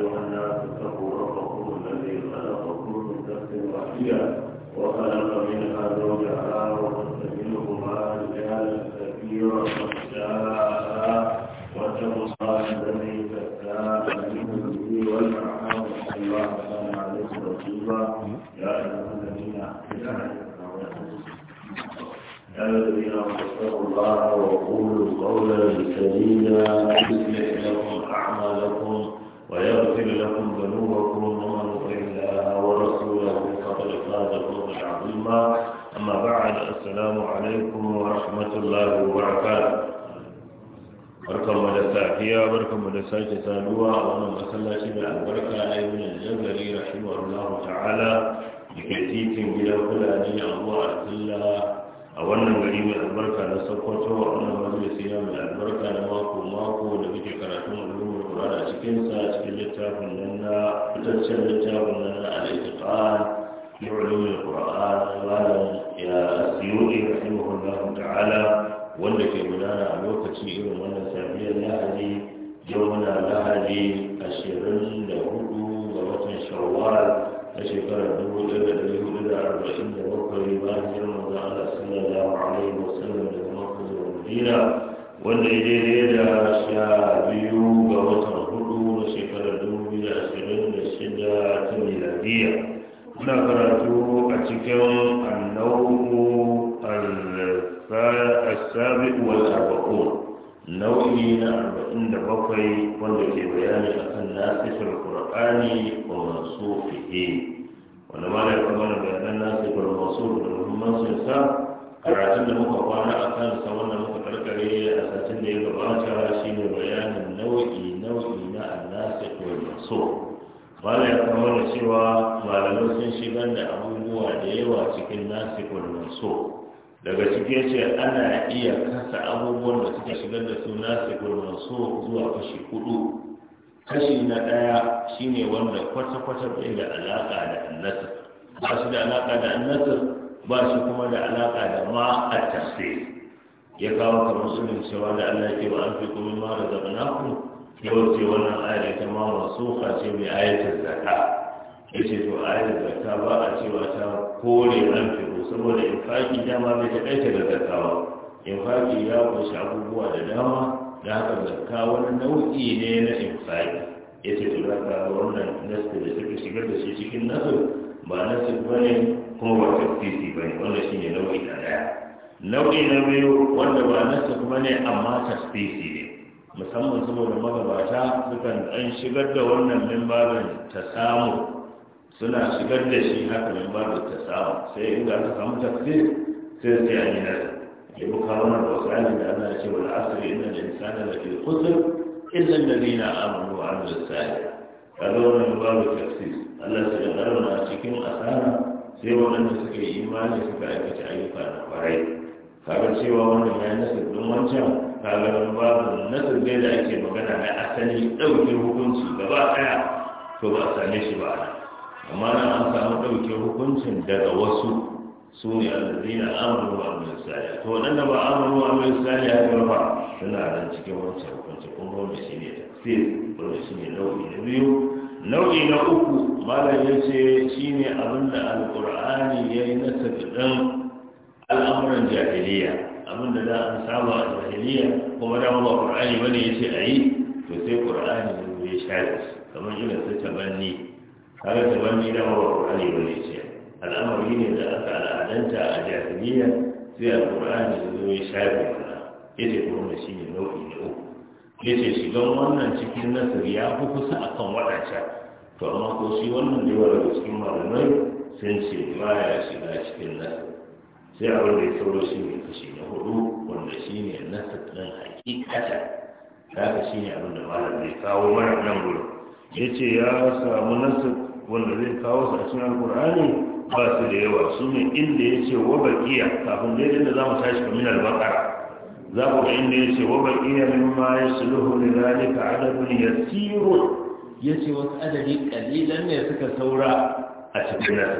أيها الناس اتقوا ربكم الذي خلقكم من نفس واحدة وخلق منها زوجها وبث منهما رجالا كثيرا ونساء واتقوا الله الذي تساءلون به والأرحام إن الله كان عليكم رقيبا يا أيها الذين يا الذين اتقوا الله وقولوا قولا سديدا ويغفر لكم ذنوبكم ومن يطع الله ورسوله فقد فاز فوزا عظيما اما بعد السلام عليكم ورحمه الله وبركاته barkan mu da safiya barkan mu da sake saduwa a wannan masallaci mai albarka na yi min jabari rahimahullahu ta'ala da ke titin gidan fulani a abuwa a wannan gari mai albarka na sokoto a wannan majalisi mai albarka na mako mako da muke karatun ulum gabar a cikin sa cikin littafin nan na fitaccen littafin nan na al-itiqan fi ulumul qur'an malam ya siyuti rahimahullahu ta'ala wanda ke gudana a lokaci irin wannan safiyar lahadi yau muna lahadi ashirin da hudu ga watan shawwal na shekarar dubu daga da ɗari hudu da arba'in da bakwai bayan girman da Allah sallallahu alaihi wasallam daga makka zuwa madina wanda ya daidai da sha biyu ga watan hudu na shekarar dubu da ashirin da shida ta miladiya muna karatu a cikin annau'u al-sabi wal arba'un nau'i na arba'in da bakwai wanda ke bayani akan nasifar qur'ani wa mansufihi wanda ma da ya kama da bayanan nasifar mansuf da muhimmancin sa karatun da muka kwana a kansa da muka karkare a satin da ya gabata shine bayanin nau'i nau'i na annasa ko ba da ya kamar da cewa malamai sun shigar da abubuwa da yawa cikin nasi ko so. daga ciki ce ana iya kasa abubuwan da suka shigar da su nasi ko so zuwa kashi hudu kashi na ɗaya shine wanda kwata-kwata bai da alaka da da alaƙa da annasa ba shi kuma da alaka da ma a ya kawo kamar sunan cewa da Allah ke wa an fi kuma ma da ku? yau ce wannan ayar ta ma masu ce mai ayatul zakka ya ce to ayatul zakka ba a cewa ta kore an fi saboda faki dama bai taƙaita da zakkawa infaki ya kunshi abubuwa da dama da haka zaka wani nau'i ne na faki. ya ce to zakka wannan nasu da suka shigar da shi cikin nasu ba nasu ba ne kuma ba ba ne wannan shine nau'i na daya nau'i na biyu wanda ba nasa kuma ne amma titi ne musamman saboda magabata sukan an shigar da wannan mimbarin ta samu suna shigar da shi haka mimbarin ta samu sai in ga aka samu tafsir sai sai an yi nasa ibu karuna da wasu ayyukan da ana cewa wal asiri da insana da ke kusur illa a abu wa amilu Ya kaga wannan babu tafsir Allah sai ya na cikin asara sai waɗanda suka yi imani suka aikata ayyuka na kwarai kaga cewa wannan ya nasir ɗin wancan kaga babu nasir ne da ake magana na asali ɗauke hukunci gaba ɗaya to ba a same shi ba amma na an samu ɗauke hukuncin daga wasu su ne allazina amanu wa amilu to waɗanda ba amanu wa amin salih ya ba suna nan cikin wancan hukunci kuma wannan shine wani shi ne nau'i na biyu nau'i na uku malam ya ce shi ne abin da alƙur'ani ya yi na tafiɗin al'amuran jahiliya abin da za a saba a jahiliya kuma da ba ƙur'ani wani ya ce a yi to sai ƙur'ani ya zo ya share kamar irin nasa tabanni kare tabanni da ba ƙur'ani wani ya ce al'amari ne da aka al'adanta a jahiliya sai alƙur'ani ya zo ya share ya ce kuma shi ne nau'i na uku ya ce shigan wannan cikin nasiri ya fi kusa a kan waɗancan to amma ko shi wannan da yawa daga cikin malamai sun ce ba ya shiga cikin nasiri sai abin da ya sauro shi ne kashi na hudu wanda shi ne nasir ɗin hakikata haka shi ne abin da malam zai kawo mana nan gudu ya ce ya samu nasir wanda zai kawo su a cikin alkur'ani ba su da yawa shi ne inda ya ce wa baƙiya kafin daidai da za mu tashi kamin albakara za ku ga inda ya ce wa ba iya mimma ya suluhu da zalika adadun ya siro ya ce wasu adadi ƙalilan ne suka saura a cikin nan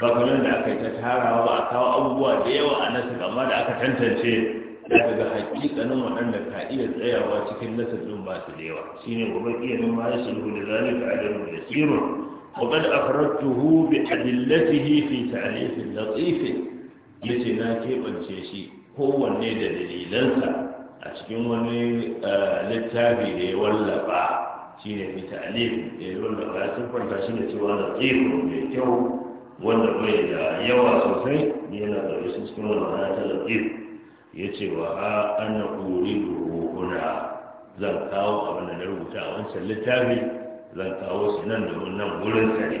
ba kamar da aka yi ta tarawa ba a kawo abubuwa da yawa a nasu amma da aka tantance daga ga hakikanin waɗanda ka iya tsayawa cikin nasar ɗin ba su da yawa shine ne ba iya mimma ya suluhu da zalika adadun ya siro وقد أخرجته بأدلته في تعريف لطيف يتنا كيف أنشيشي kowanne da dalilansa a cikin wani eh, littafi da ya wallafa shi ne mitalin da ya wallafa ya siffanta shi ne cewa da tsiro mai kyau wanda bai da yawa sosai yana da wasu cikin wani rana ta latif ya ce wa a ana kuri ruhuna zan kawo abin da na rubuta a wancan littafi zan kawo su nan da wannan wurin sa ne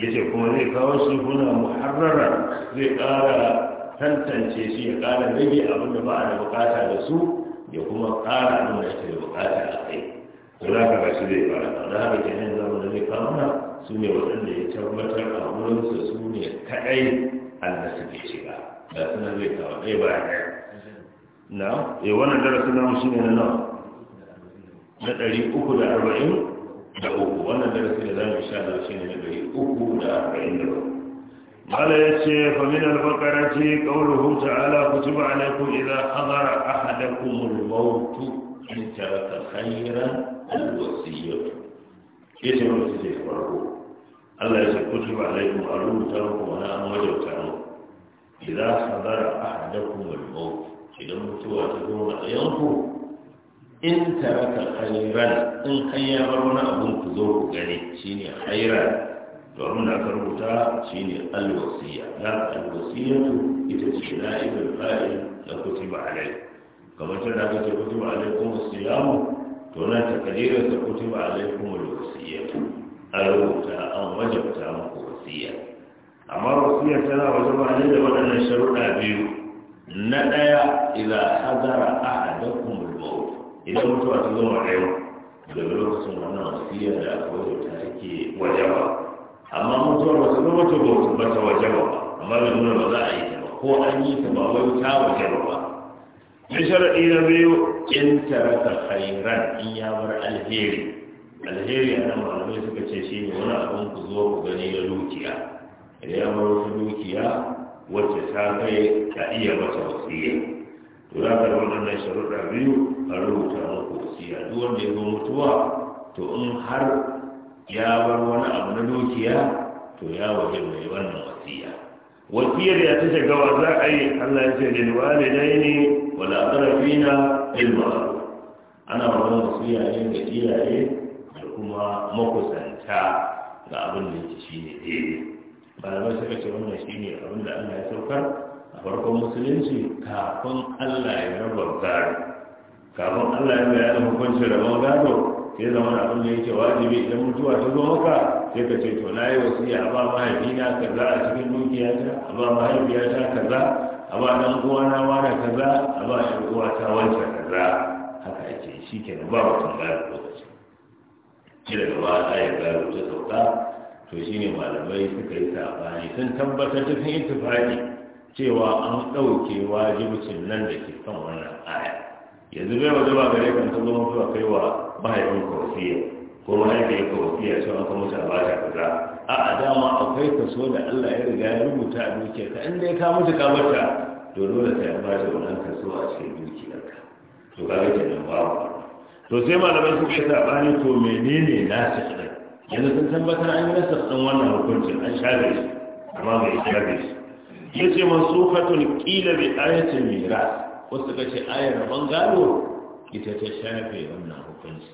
ya ce kuma zai kawo shi kuna muharrara zai ƙara tantance shi ya ƙara rage abin da ba a da bukata da su ya kuma ƙara abin da shi da bukata a kai to za ka gashi zai fara ta da haka kenan zama da zai kama su ne waɗanda ya tabbatar a wurinsa su ne kaɗai allah suke shiga da suna zai kawo ɗaya ba ya na eh wannan darasin namu shine na nan na ɗari uku da arba'in da uku wannan darasin da za mu sha da shi ne na ɗari uku da arba'in da uku قال شيخ فمن البقرة قوله تعالى كتب عليكم إذا حضر أحدكم الموت إن ترك خيرا الوصية يتشي ما تجي الله يتشي كتب عليكم ألوم تركم أنا أموت تركم إذا حضر أحدكم الموت إذا متوا تكون أيامكم إن ترك خيرا إن خيرنا أبوك ذوق غني شيني خيرا to aka rubuta shine alwasiya da alwasiya ita ce na'ibul fa'il da kutiba alai kamar tun da kace kutiba alaikum as-siyam to na takdira ta kutiba kuma al-wasiya an rubuta an wajabta muku wasiya amma wasiya tana wajaba ne da waɗannan sharuɗa biyu na ɗaya idan hadara ahadakum al-maut idan mutuwa ta zama rayuwa daga lokacin wannan wasiya da aka wajabta take wajaba amma mutuwar wasu lokaci ba ta waje ba amma bai nuna ba za a yi ta ba ko an yi ta ba wai ta waje ba ba min sharaɗi na biyu in taraka khairan in ya bar alheri alheri a nan malamai suka ce shi ne wani abin ku zo ku gani na dukiya idan ya bar wata dukiya wacce ta kai ta iya mata wasiya to za ka waɗannan sharuɗa biyu a rubuta maka wasiya duk wanda ya zo mutuwa to in har ya bar wani abu na dukiya to ya waje mai wannan wasiya wasiyar ya ta shiga wa za a yi allah ya ce lil ne? wal aqrabina lil ma'ruf ana wannan wasiya ne ga iyaye da kuma makusanta ga abin da yake shine daidai malamai suka ce wannan shine abin da allah ya saukar a farkon musulunci kafin allah ya raba gado kafin allah ya bayyana da hukuncin rabon gado sai zama da abin da yake wajibi idan mutuwa ta zo maka sai ka ce to na yi wasu a ba mahaifina kaza a cikin dukiyata a ba mahaifiyata kaza a ba dan uwana da kaza a ba shi uwa ta wancan kaza haka ake shi ke ba mutum gado lokaci shi daga ba a yi gado ta sauka to shi ne malamai suka yi sabani sun tabbatar cikin ittifaqi cewa an ɗauke wajibcin nan da ke kan wannan aya yanzu bai wajaba ba gare kan ta zama mutuwa kai wa mahaifin ka wasiya ko mahaifiyar ka wasiya sun an kuma ba ta kaza a a dama akwai so da Allah ya riga ya rubuta a duke ka inda ya ka mutu ka bata to dole sai an bata wannan kaso a cikin da ka to nan ba ba to sai malamai ke yi sabani to menene su din yanzu sun tabbatar an yi nasar din wannan hukuncin an share shi amma bai share shi yace mansukhatun qila bi ayatin miras wasu kace ayar rabon gado يتتشافي أنه كنز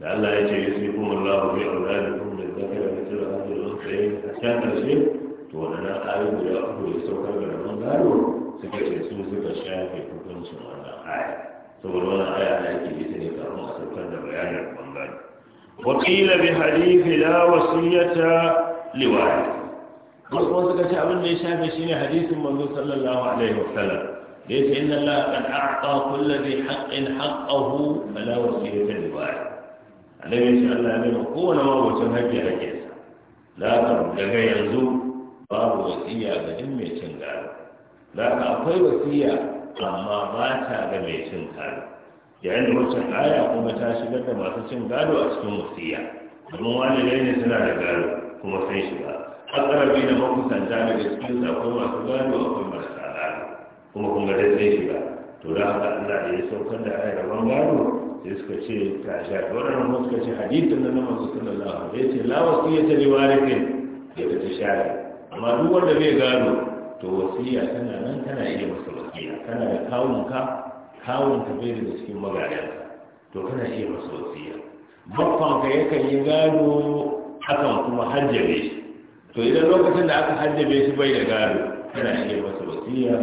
لألا يجيزيكم الله في أولادكم من ذكر مثل هذه الأنثيين حسان شيء تقول أنا أعلم يا أخو يسوك من المنزلون سكة يسوك سكة شافي كنز وأنا أعلم تقولون أعلم أنك يتنك أمو سكة الرياضة المنزل وقيل بحديث لا وصية لواحد Wasu wasu kashe abin da ya shafe shi ne hadisin ليس إن الله قد أعطى كل ذي حق حقه فلا وسيلة لباعه annabi shi Allah ya nuna kowane mawacin hajji hajji la ka daga yanzu babu wasiya ga mai cin gado la ka akwai wasiya amma ba ta ga mai cin gado yayin wancan aya kuma ta shigar da masu cin gado a cikin wasiya domin wani ne suna da gado kuma sai shiga akarabi da makusanta daga cikin akwai masu gado akwai marasa kuma kun ga dai shi shiga to da haka Allah ya saukar da ayar ban gado sai suka ce ta sha dole kuma suka ce hadisin nan manzo sallallahu alaihi wasallam ya ce la wasiya ta liwarike ya ta share amma duk wanda bai gado to wasiya tana nan tana iya masa wasiya kana da kawunka kawunka bai daga cikin magadanka to kana iya masa wasiya bakwanka yakan yi gado hakan kuma hajjabe shi to idan lokacin da aka hajjabe shi bai da gado kana iya masa wasiya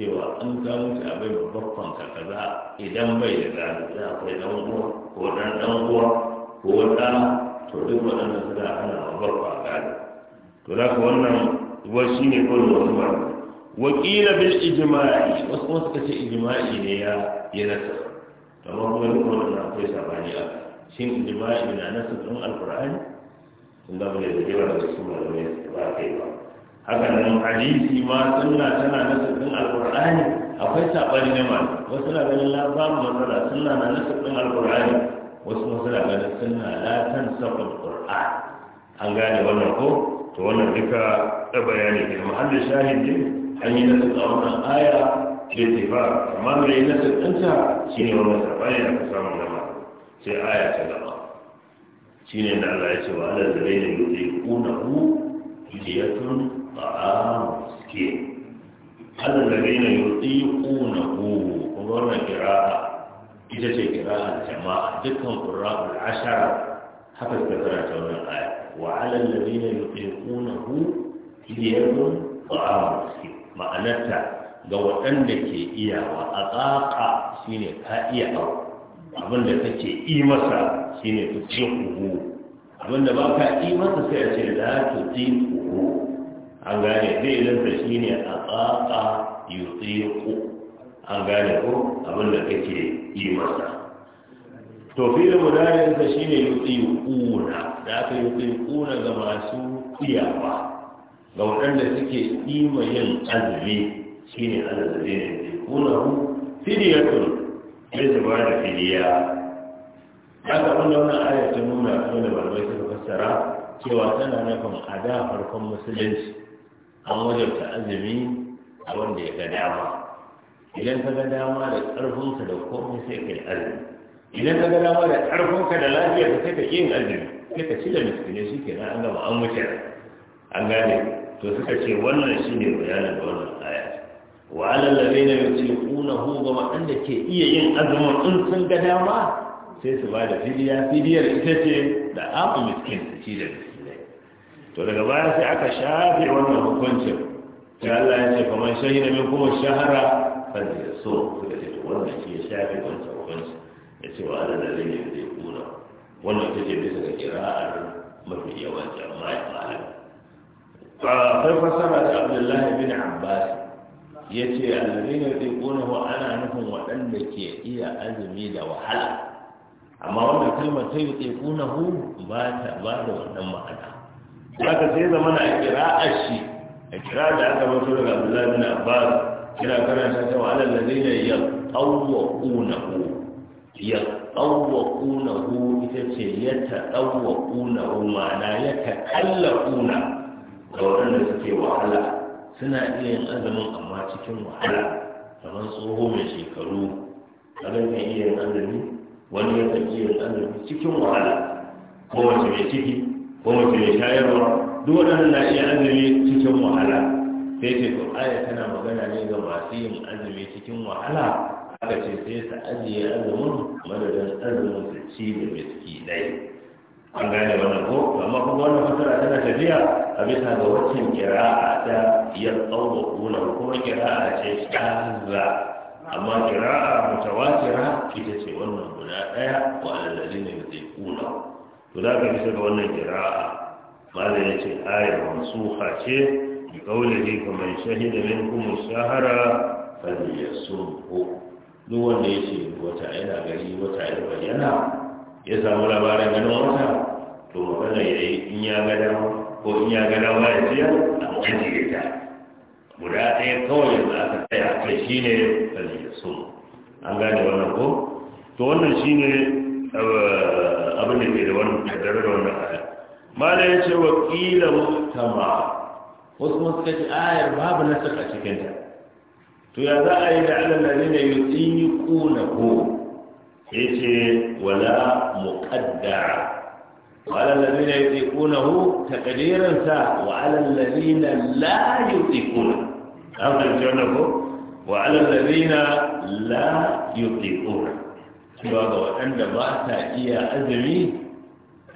cewa an ka mutu a bai babban ka kaza idan bai da za a akwai dan uwa ko dan dan uwa ko da to duk waɗannan suna hana babban gado to da ka wannan wa shine ko wasu ba wakila bil ijma'i wasu wasu ce ijma'i ne ya ya nasa amma kuma duk wannan kai sabani a shin ijma'i na nasa don alqur'ani inda bai da yawa da su malamai ba kai ba haka nan hadisi ma sunna tana nasibin alqur'ani akwai sabani ne ma wasu na ganin la ba mu matsala sunna na nasibin alqur'ani wasu ma suna ganin sunna la tansabu alqur'an an gane wannan ko to wannan duka da bayani ne muhallin shahidi an yi nasibin wannan aya da tifa amma mai nasibin ta shine wannan sabani da ka samu na ma sai aya ta Shi shine da Allah ya ce wa alal zalaina yuziqunahu diyatun طعام مسكين هذا الذين يطيقونه ومرنا قراءة إذا شيء قراءة الجماعة دكهم قراء العشرة حتى استفرأت من الآية وعلى الذين يطيقونه ديار طعام مسكين معناتها ga waɗanda ke iyawa a tsaka shi ne ka iya abu abinda kake yi masa shi ne ku ce kuhu abinda ba ka yi masa sai a ce za ku ji kuhu an gane lantar shi ne a tsatsa yutsiku an gane ko abin da kake yi masa to fi'ilin mudarinsa shi ne yutsiquna da aka yutsiquna ga masu iyawa ga waɗanda suke tsima yin azumi shi ne azumi ne yutsiquna hu fidiyatun ya zuba da fidiya haka wanda wannan ayar ta nuna kuma da malamai suka fassara cewa tana nufin a da farkon musulunci an wajabta azumi a wanda ya ga dama idan ka ga dama da ƙarfinka da komai sai ka yi azumi idan ka ga dama da ƙarfinka da lafiya ka sai ka yin azumi sai ka ci da miskinai shi ke an gama an wuce an gane to suka ce wannan shi ne bayanin da wannan aya wa na alal ladina yutiqunahu ga waɗanda ke iya yin azumin in sun ga dama sai su ba da fidiya fidiyar ita ce da abu miskin su ci da miskin to daga baya sai aka shafe wannan hukuncin sai Allah ya ce kamar shahida min kuma shahara fa ya so suka ce to wannan shi ya shafe wancan hukuncin ya ce wa Allah da zai yi kuna wannan ita ce bisa ga kira'ar mafi yawanci amma ya malam akwai fasara da Abdullahi bin Abbas ya ce alladhina yuqunahu ana nufin waɗanda ke iya azumi da wahala amma wannan kalmar ta yuqunahu ba ta ba da wannan ma'ana zaka sai zama na kira'ar shi a kira da aka mutu daga abdullahi bin abbas kira sa ta wa ya ladina yaqawwaqunahu yaqawwaqunahu ita ce ya taqawwaqunahu ma'ana ya takallaquna da wanda suke wahala suna iya yin azumin amma cikin wahala kamar tsoho mai shekaru kaga mai iya yin azumi wani ya tafi yin azumi cikin wahala kowace mai ciki ko mace shayarwa duk waɗannan na iya azumi cikin wahala sai ce to aya tana magana ne ga masu yin azumi cikin wahala aka ce sai su ajiye azumin madadin azumin su ci da miski dai. an gane wannan ko amma kuma wannan fasara tana tafiya a bisa ga waccan kira'a ta ya tsawo kuna kuma kira'a ce shazza amma kira'a mutawatira ita ce wannan guda ɗaya wa zai yutiquna to da ka ga wannan kira'a malam ya ce ayar mansuha ce bi kaulihi kaman shahida minkum shahara falyasumhu duk wanda ya ce wata yana gari wata yana bayyana ya samu labarin ganin wata to magana ya yi in ya ga ko in ya gada ba ya siya a ajiye ta guda ɗaya kawai yanzu aka tsaya kai shi ne kalli an gane wannan ko to wannan shi ne eh, abin da ke da wani tattare da wannan aya mala ya ce wakila muhtama wasu suka ce ayar babu na saka cikinta to ya za a yi da alalari ne yi tsini kuna ko ya ce wala muƙaddara وعلى الذين يطيقونه تقديرا ساء وعلى الذين لا يطيقونه أفهم شلونه وعلى الذين لا يطيقونه cewa ga waɗanda ba ta iya azumi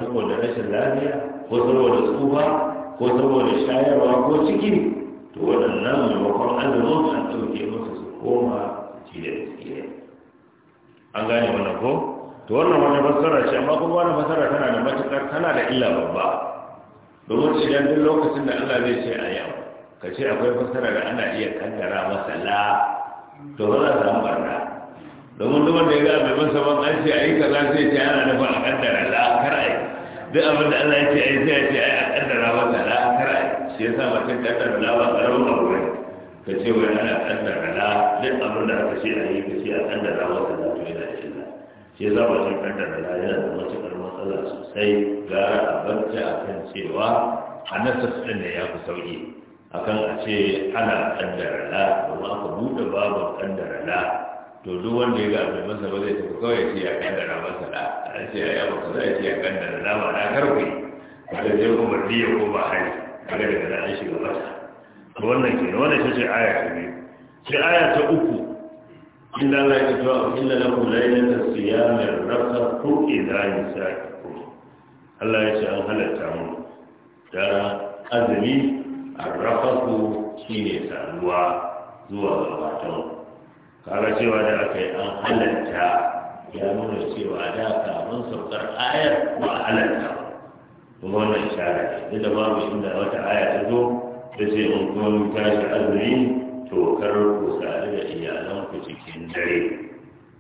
saboda rashin lafiya ko saboda tsufa ko saboda shayarwa ko ciki to waɗannan maimakon azumin an ɗauke musu su koma ci da tsiye an gane wani ko to wannan wani fassara ce amma kuma wani fassara tana da matuƙar tana da illa babba domin idan duk lokacin da Allah zai ce a yau ka ce akwai fassara da ana iya kaddara masa la to ba za a samu barna domin duk wanda ya ga mai masa ban an ce ayi kaza sai ce ana nufin a kaddara la kar ai duk abin da Allah ya ce ayi sai ce ai a kaddara ta la kar ai shi sa mutum kaddara la ba karamin abu ne ka ce wai ana kaddara la duk abin da aka ce ayi ka ce a kaddara ta la to yana shi la shi yasa mutum kaddara la yana da matuƙar matsala sosai gara a kan cewa a nasar ɗin da ya fi sauƙi akan a ce ana kaddara la domin aka buɗe babu kaddara la to duk wanda ya ga masa ba zai tafi kawai ce ya kaddara masa da an ce ya yi masa za ce ya kaddara na ba na karfe kada zai kuma diya ko ba hari kada daga an shiga masa to wannan ke wannan shi ce aya ta biyu sai aya ta uku inda Allah ya ce wa inna lakum laylatan siyamin rafatu idza yusakum Allah ya ce an halatta mu da azumi arrafatu shine saluwa zuwa ga matan kaga cewa da aka yi an halatta ya nuna cewa da kafin saukar ayar ba a halatta kuma wannan shara ne duk da babu inda wata aya ta zo ta ce in mun tashi azumi to kar ku sadu da iyalanku cikin dare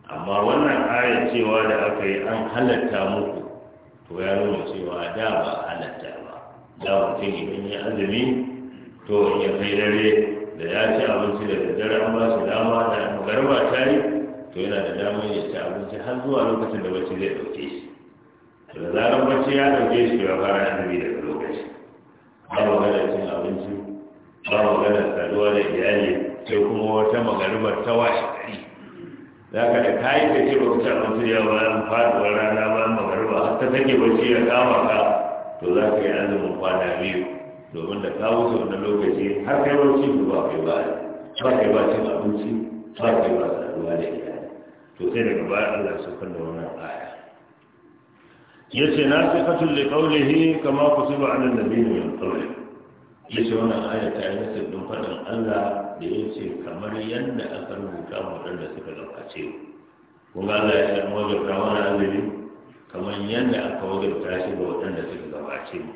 amma wannan aya cewa da aka yi an halatta muku to ya nuna cewa da ba halatta ba da mutum idan ya azumi to ya kai dare da ya ci abinci da daddare an ba shi dama da garba ta yi to yana da damar ya ci abinci har zuwa lokacin da bacci zai ɗauke shi to da zarar bacci ya ɗauke shi ya fara azumi daga lokaci ba mu maganar cin abinci ba mu maganar saduwa da iyali sai kuma wata magariba ta washe kai, za ka da kayi da ce baka ci abinci ya bayan faduwar rana bayan magariba har ta take bacci ya kama ka to za ka yi azumin kwana biyu domin da kawo su wani lokaci har kai wani cin ba kai ba ba kai ba cin abinci ba kai ba saduwa da iyali to sai daga baya Allah su kan da wannan aya Ya ce na da li qawlihi kama kutiba ala nabiyyi min Ya ce wannan aya ta yi nasa din faɗin Allah da ce kamar yadda aka rubuta mu waɗanda da suka lokace kun ga Allah ya san wajen kawo na azumi kamar yadda aka wajen tashi ga waɗanda suka gabace mu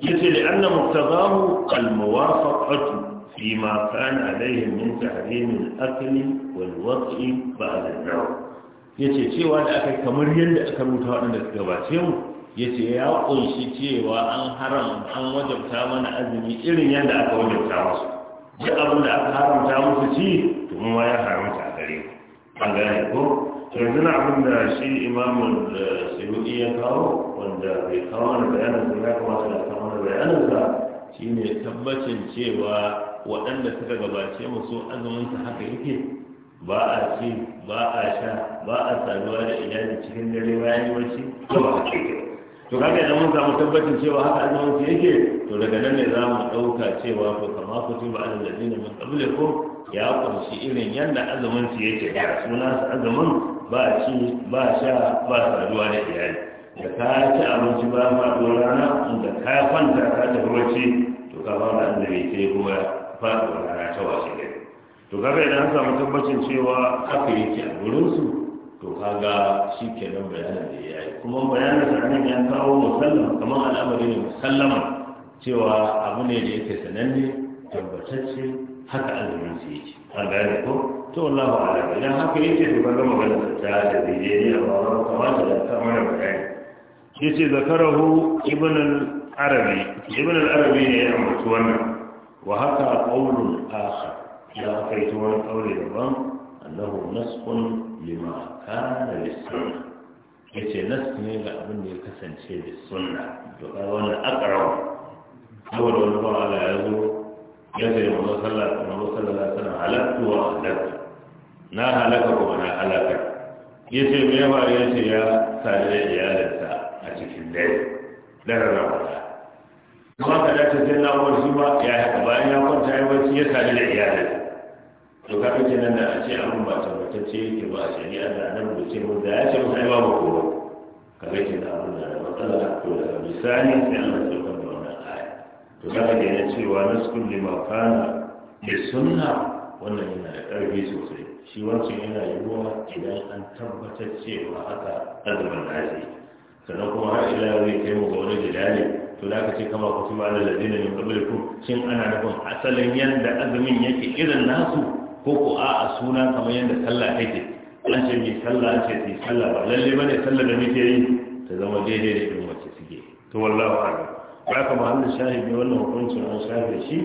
yace da anna muqtadahu al-muwafaqatu fi ma kana alayhi min tahrim al wal-wat'i ba'da al yace cewa da aka kamar yadda aka rubuta wadanda suka gabace mu yace ya kunshi cewa an haram an wajabta mana azumi irin yadda aka wajabta musu duk abin da aka haramta musu ci to mu ya haramta a gare ku an gane ko yanzu na abin da shi imamu da eh, ya kawo wanda bai kawo wani bayanin da ya kamata da bayanansa ne tabbacin cewa waɗanda suka gabace mu so azuminsa haka yake ba a ci ba a sha ba a saduwa da iyali cikin dare bayan yi wacce to ba haka to kaga idan mun samu tabbacin cewa haka azuminsa yake to daga nan ne za mu ɗauka cewa ko kama ku ci ba alalladin da mun ko ya kunshi irin yadda azuminsa yake da sunansa azumin ba ci ba sha ba a saduwa da iyali da ka ci abinci ba faɗuwar rana da ka kwanta ka tafi wacce to ka ba da annabi sai kuma faɗuwar rana ta wasu gari to kaga idan an samu tabbacin cewa haka yake a su to ga shi nan bayanin da ya yi kuma bayanin da nan ya kawo musallama kamar al'amari ne musallama cewa abu ne da yake sananne tabbatacce haka azumin su yake an gane ko to wallahu ala idan haka yake to kaga magana ta da zai ne a ba kamata da ta mana bayani ya yace zakarahu ibn al-arabi ibn al-arabi ne ya mutu wannan wa haka qawlun akhar ya haka to wani qawli daban annahu naskun lima kana lis ya ce naskun ne ga abin da ya kasance da sunna to kai wannan aqrawa saboda wani ba ala ya zo ya ce mu sallallahu alaihi wasallam halaktu wa halaktu na halaka ko na halaka yace me ya ce ya sare da iyalin cikin dare daren ramadan kuma ka da sai na umar shi ba ya haka bayan ya kwanta ya wasu ya sadu da iyalin to ka fi nan da a ce an ba ce yake ba a shari'a da nan da ce mun da ya ce mun sai ba mu kowa ka kake da abin da matsala ko da misali sai Allah ya da wani aya to ka cewa na sukun ne ma kana da sunna wannan yana da ƙarfi sosai shi wancan yana yiwuwa idan an tabbatar cewa haka azumin lafiya sannan kuma har ila yau ya kai mu ga wani jidali to da aka ce kama kutiba da ladina min qablikum shin ana nufin asalin yanda azumin yake irin nasu ko ko a suna kamar yanda sallah take an ce mai sallah an ce sai sallah ba lalle bane sallah da muke yi ta zama daidai da irin wacce suke to wallahi a'lam ba ka mahallin shahidi wannan hukuncin an shafe shi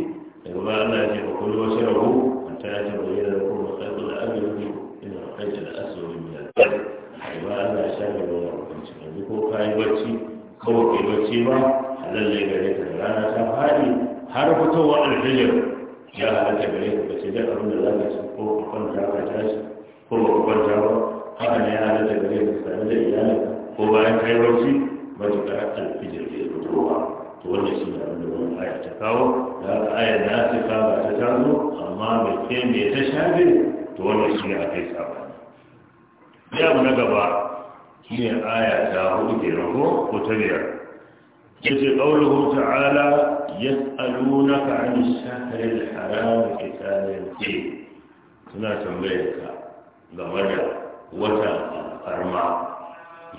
daga ba Allah ya ce ba kullu wasu rahu an ta ya ce bayyana da kuma khairul abdi ina khairul aswa kawai ke bacci ba halal ne gare ka rana ta fadi har fitowa alfijir ya halatta gare ka bace da abin da za ka ci ko ka kwanta ka tashi ko ba ka kwanta ba haka ne ya halatta gare ka tare da iyali ko bayan kai bacci matuƙar alfijir ke fitowa to wanda shi ne abin da wani aya ta kawo da haka aya na ka ba ta tazo amma mai ke mai ta shafe to wanda shi ne a kai sabani. Ya abu na gaba shine aya ta hudu ke ko ko ta biyar yace qawluhu ta'ala yas'alunaka 'ani shahri al-haram qitalin fi suna tambayar ka game da wata arma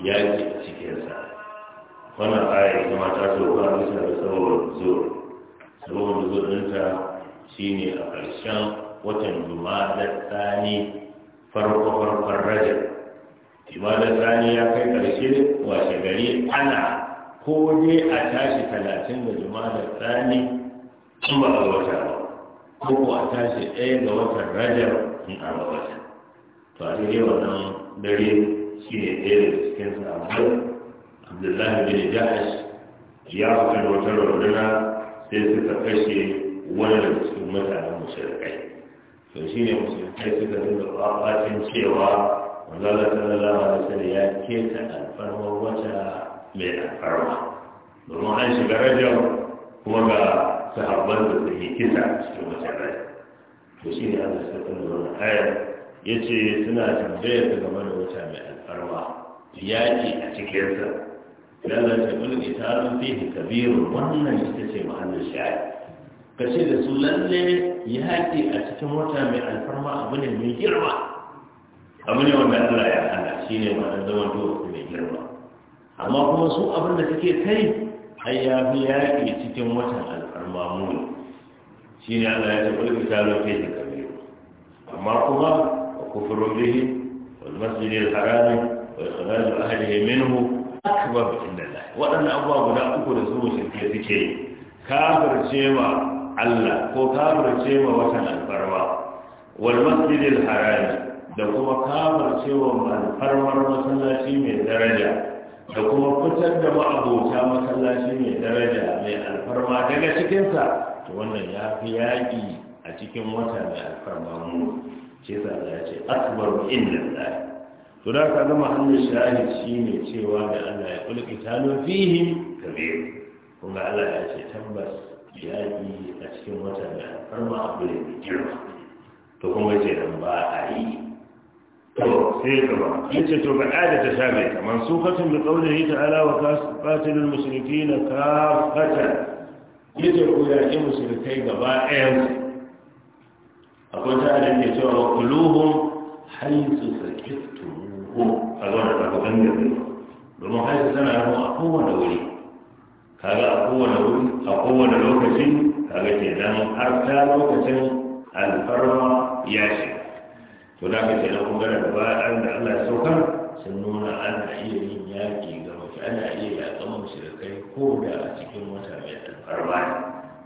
yaki cikin sa wannan aya ya zama ta so ba bisa da zuwa Saboda zuwa ɗinta shine a ƙarshen watan juma'a da tsani farko farkon rajab ibadar rani ya kai karshe washe gari ana ko dai a tashi talatin da juma'a rani in ba a wata ba ko ko a tashi ɗaya ga watan rajar in a ba wata to a dai wannan dare shi ne ɗaya da cikin sahabbai abdullahi bin jahash ya fi wata rauduna sai suka kashe wani da cikin mutanen mushrikai to shi ne mushrikai suka dinga ɓaɓacin cewa manzala sallallahu alaihi wasallam ya keta alfarmar wata mai alfarma domin an shiga rajab kuma ga sahabban da suke kisa cikin wata rajab to shi ne Allah sai kuma wannan Ya ce suna tambayar ta game da wata mai alfarma yaki a cikinsa. sa lalla ta kullu itarun fihi kabirun wannan ita ce mahallin shayar kace da su lalle yaki a cikin wata mai alfarma abu ne mai girma abu ne wanda Allah ya hana shi ne ma da zaman to mai girma amma kuma su abin da suke kai ai ya fi yaƙi cikin watan alfarma muni shi ne Allah ya taɓa ki ta lokaci da kabiru amma kuma wa kufurun bihi wal masjidil harami wa ikhraju ahlihi minhu akbar inda Allah waɗannan abubuwa guda uku da su mushrike suke yi kafircewa Allah ko kafircewa watan alfarma wal masjidil harami da kuma kamar cewa alfarmar masallaci mai daraja da kuma fitar da ma'abota masallaci mai daraja mai alfarma daga cikinsa to wannan ya fi yaƙi a cikin wata mai alfarma mu ce ya ce akbar inda zai to da ka gama hannun shahid shi ne cewa da Allah ya kulki tano fihi kabir kuma Allah ya ce tabbas yaƙi a cikin wata mai alfarma abu ne mai girma to kuma ce nan ba a yi yace to ga ayat ta shabe kaman da bi qawlihi ta'ala wa qatilul mushrikeena kafatan yace ku ya ki mushrikai gaba ɗayan akwai ta da ke cewa wa quluhum haythu sakiftumuhu kaga da ku ganga ne domin haythu tana mu a kowane wuri kaga a kowane wuri a kowane lokaci kaga kenan har ta lokacin alfarma ya shi to da ka na kuma da ba da Allah ya sauka? sun nuna ana iya yin yaƙi ga mace ana iya yaƙa mace da kai ko da a cikin wata mai alfarma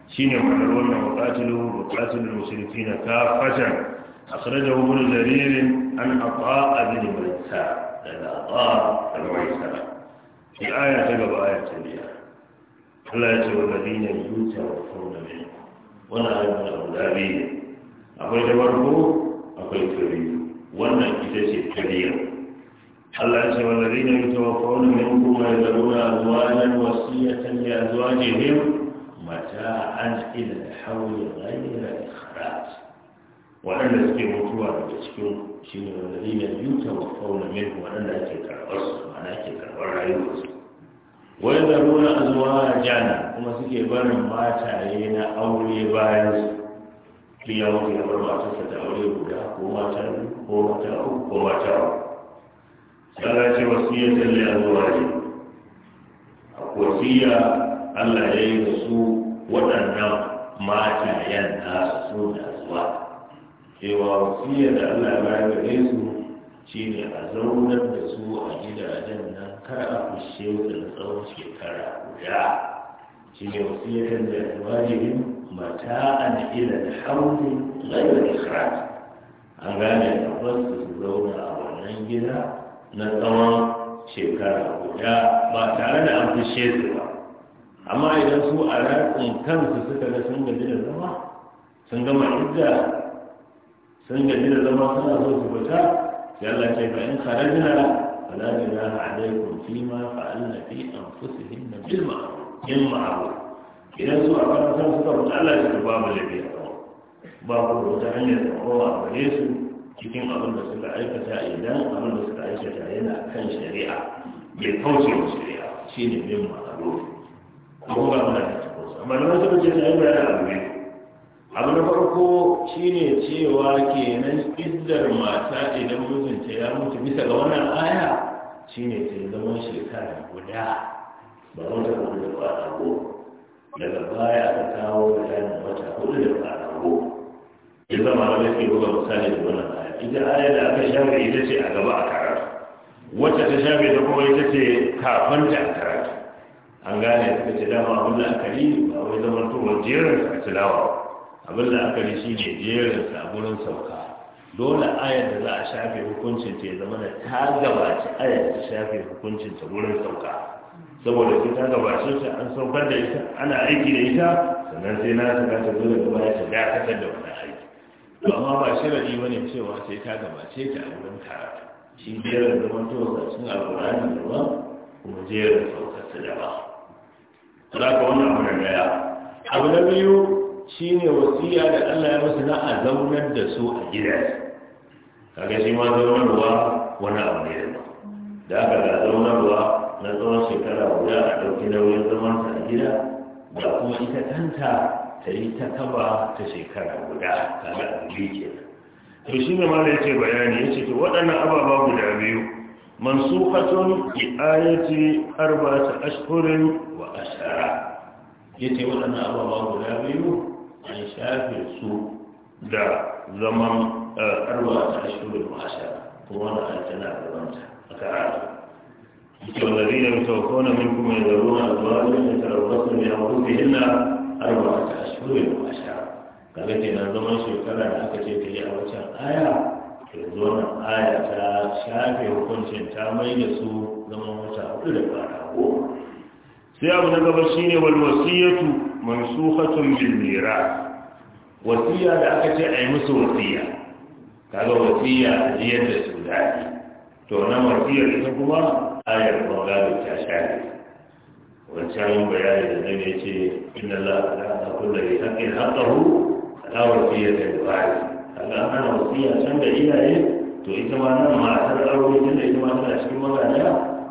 shine ma'anar wannan muqatilu muqatilul mushrikina kafatan أخرجه ابن جرير عن عطاء بن ميساء لأن عطاء الميساء في آية تقب آية تبيع لا والذين يتوفون منكم ولا يبنى أولابين أخرجه مرفوع akwai kariya wannan ita ce kariya Allah ce a wa zuwa yatawaffawna minkum wa yadruna azwajan wasiyatan li azwajihim mata'an ila al-hawl ghayra ikhraj waɗanda suke mutuwa daga cikin shi ne wa ladina yatawaffawna minkum waɗanda ake karɓar su ma'ana ake karɓar rayuwarsu wa yadruna azwajan kuma suke barin mataye na aure bayan su duk ya mutu ya bar matarsa da aure guda ko mata ko mata uku ko mata uku sai ce wasiyar talle a zuwa ne wasiya Allah ya yi da su waɗannan matayen na su da zuwa cewa wasiya da Allah ya bayar da su shi ne a zaunar da su a gidajen nan kar a kushe da tsawon shekara guda shi ne wasiyar talle a zuwa ne mata'an ila haulin ghayr ikhraj an gane a basu su zauna a wannan gida na tsawon shekara guda ba tare da an fushe su ba amma idan su a ratsin kansu suka ga sun gaji da zama sun gama idda sun gaji da zama suna so su fita sai ce fa in idan su a kan suka mutu Allah ya ba mu lafiya ba ku da wata hanyar da kowa a gare su cikin abin da suka aikata idan abin da suka aikata yana kan shari'a bai kauce wa shari'a shi ne bin ma'aro kuma ba mu da ta kauce amma da wasu kace sai ba da abu abu na farko shine cewa kenan iddar mata idan mijinta ya mutu bisa ga wannan aya shine ta zama shekara guda ba wata kuma da ba a daga baya aka kawo da wata hudu da kwana goma ya zama da mafi buga misali da wannan aya ita aya da aka shafe ita ce a gaba a karatu wacce ta shafe ta kuma ita ce kafin ta a karatu an gane suka ce dama abin da aka yi ba wai zaman tuwon jerin a tilawa abin da aka yi shi ne jerin sa gurin sauka dole ayar da za a shafe hukuncin ta ya zama da ta gabaci ayar ta shafe hukuncin ta gurin sauka saboda sai ta shi ta an saukar da ita ana aiki da ita sannan sai na ta dole kuma ya shiga ta kasar da wani aiki to amma ba sharadi bane cewa sai ta gabace ta wurin karatu shi da zaman to ga cikin alƙur'ani da ruwa kuma jerin saukar su da ba za ka wannan abu na daya abu na biyu shine wasiya da Allah ya musu na a zaunar da su a gida. kaga shi ma zaunarwa wani abu ne da ba da aka ga zaunarwa na tsawon shekara guda a ɗauki nauyin zaman sa a gida da kuma ita kanta ta yi ta kaba ta shekara guda kaga a dubi kenan to shi ne mara yake bayani ce to waɗannan ababa guda biyu mansukhatun ki ayati ta ashkurin wa ashara Ya ce waɗannan ababa guda biyu an shafe su da zaman eh, ta ashkurin wa ashara to an tana da wanta a karatu والذين يتوفون منكم يذرون أزواجا يتربصن بأنفسهن أربعة أشهر وعشرة kaga ke na zaman shekara da aka ce ta yi a wacan aya ke zuwa aya ta shafe hukuncin ta mai da su zaman wata hudu da kwana goma sai abu na gaba shine wal wasiyatu mansukhatun bil wasiya da aka ce ai musu wasiya kaga wasiya to na wasiyar ita kuma ayar kwanga da ta shari wancan bayani da zai ya ce inna la ta kula da haƙƙin haƙƙahu ala wasiyya ta ibadi ana can da iyaye to ita ma nan matar aure tun da ita ma tana cikin magana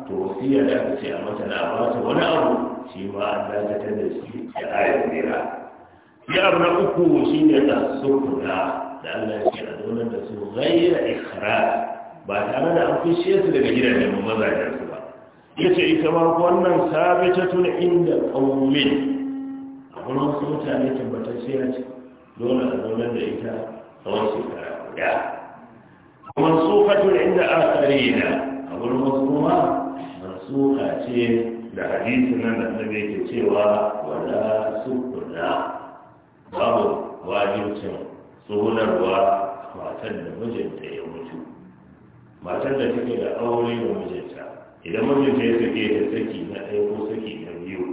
to wasiyya da ce a mata na ba wani abu shi ma an dakatar da shi ya ayar nera ya abu na uku shi ne ta sukuna da Allah ya ce a zaunar da su gaira ikhraj ba tare da an fushe su daga gidajen mu yace ita ma wannan sabitatun inda qaumin a wurin wasu mutane tabbatacciya ce dole a zaunar da ita tsawon shekara guda mansufatun inda akharina a wurin wasu kuma masu ce da hadisi nan da annabi ke cewa wala kula. babu wajibcin tsohonarwa matar da mijinta ya mutu matar da take da aure da mijinta idan mijinta ya sake da saki na ɗaya ko saki na biyu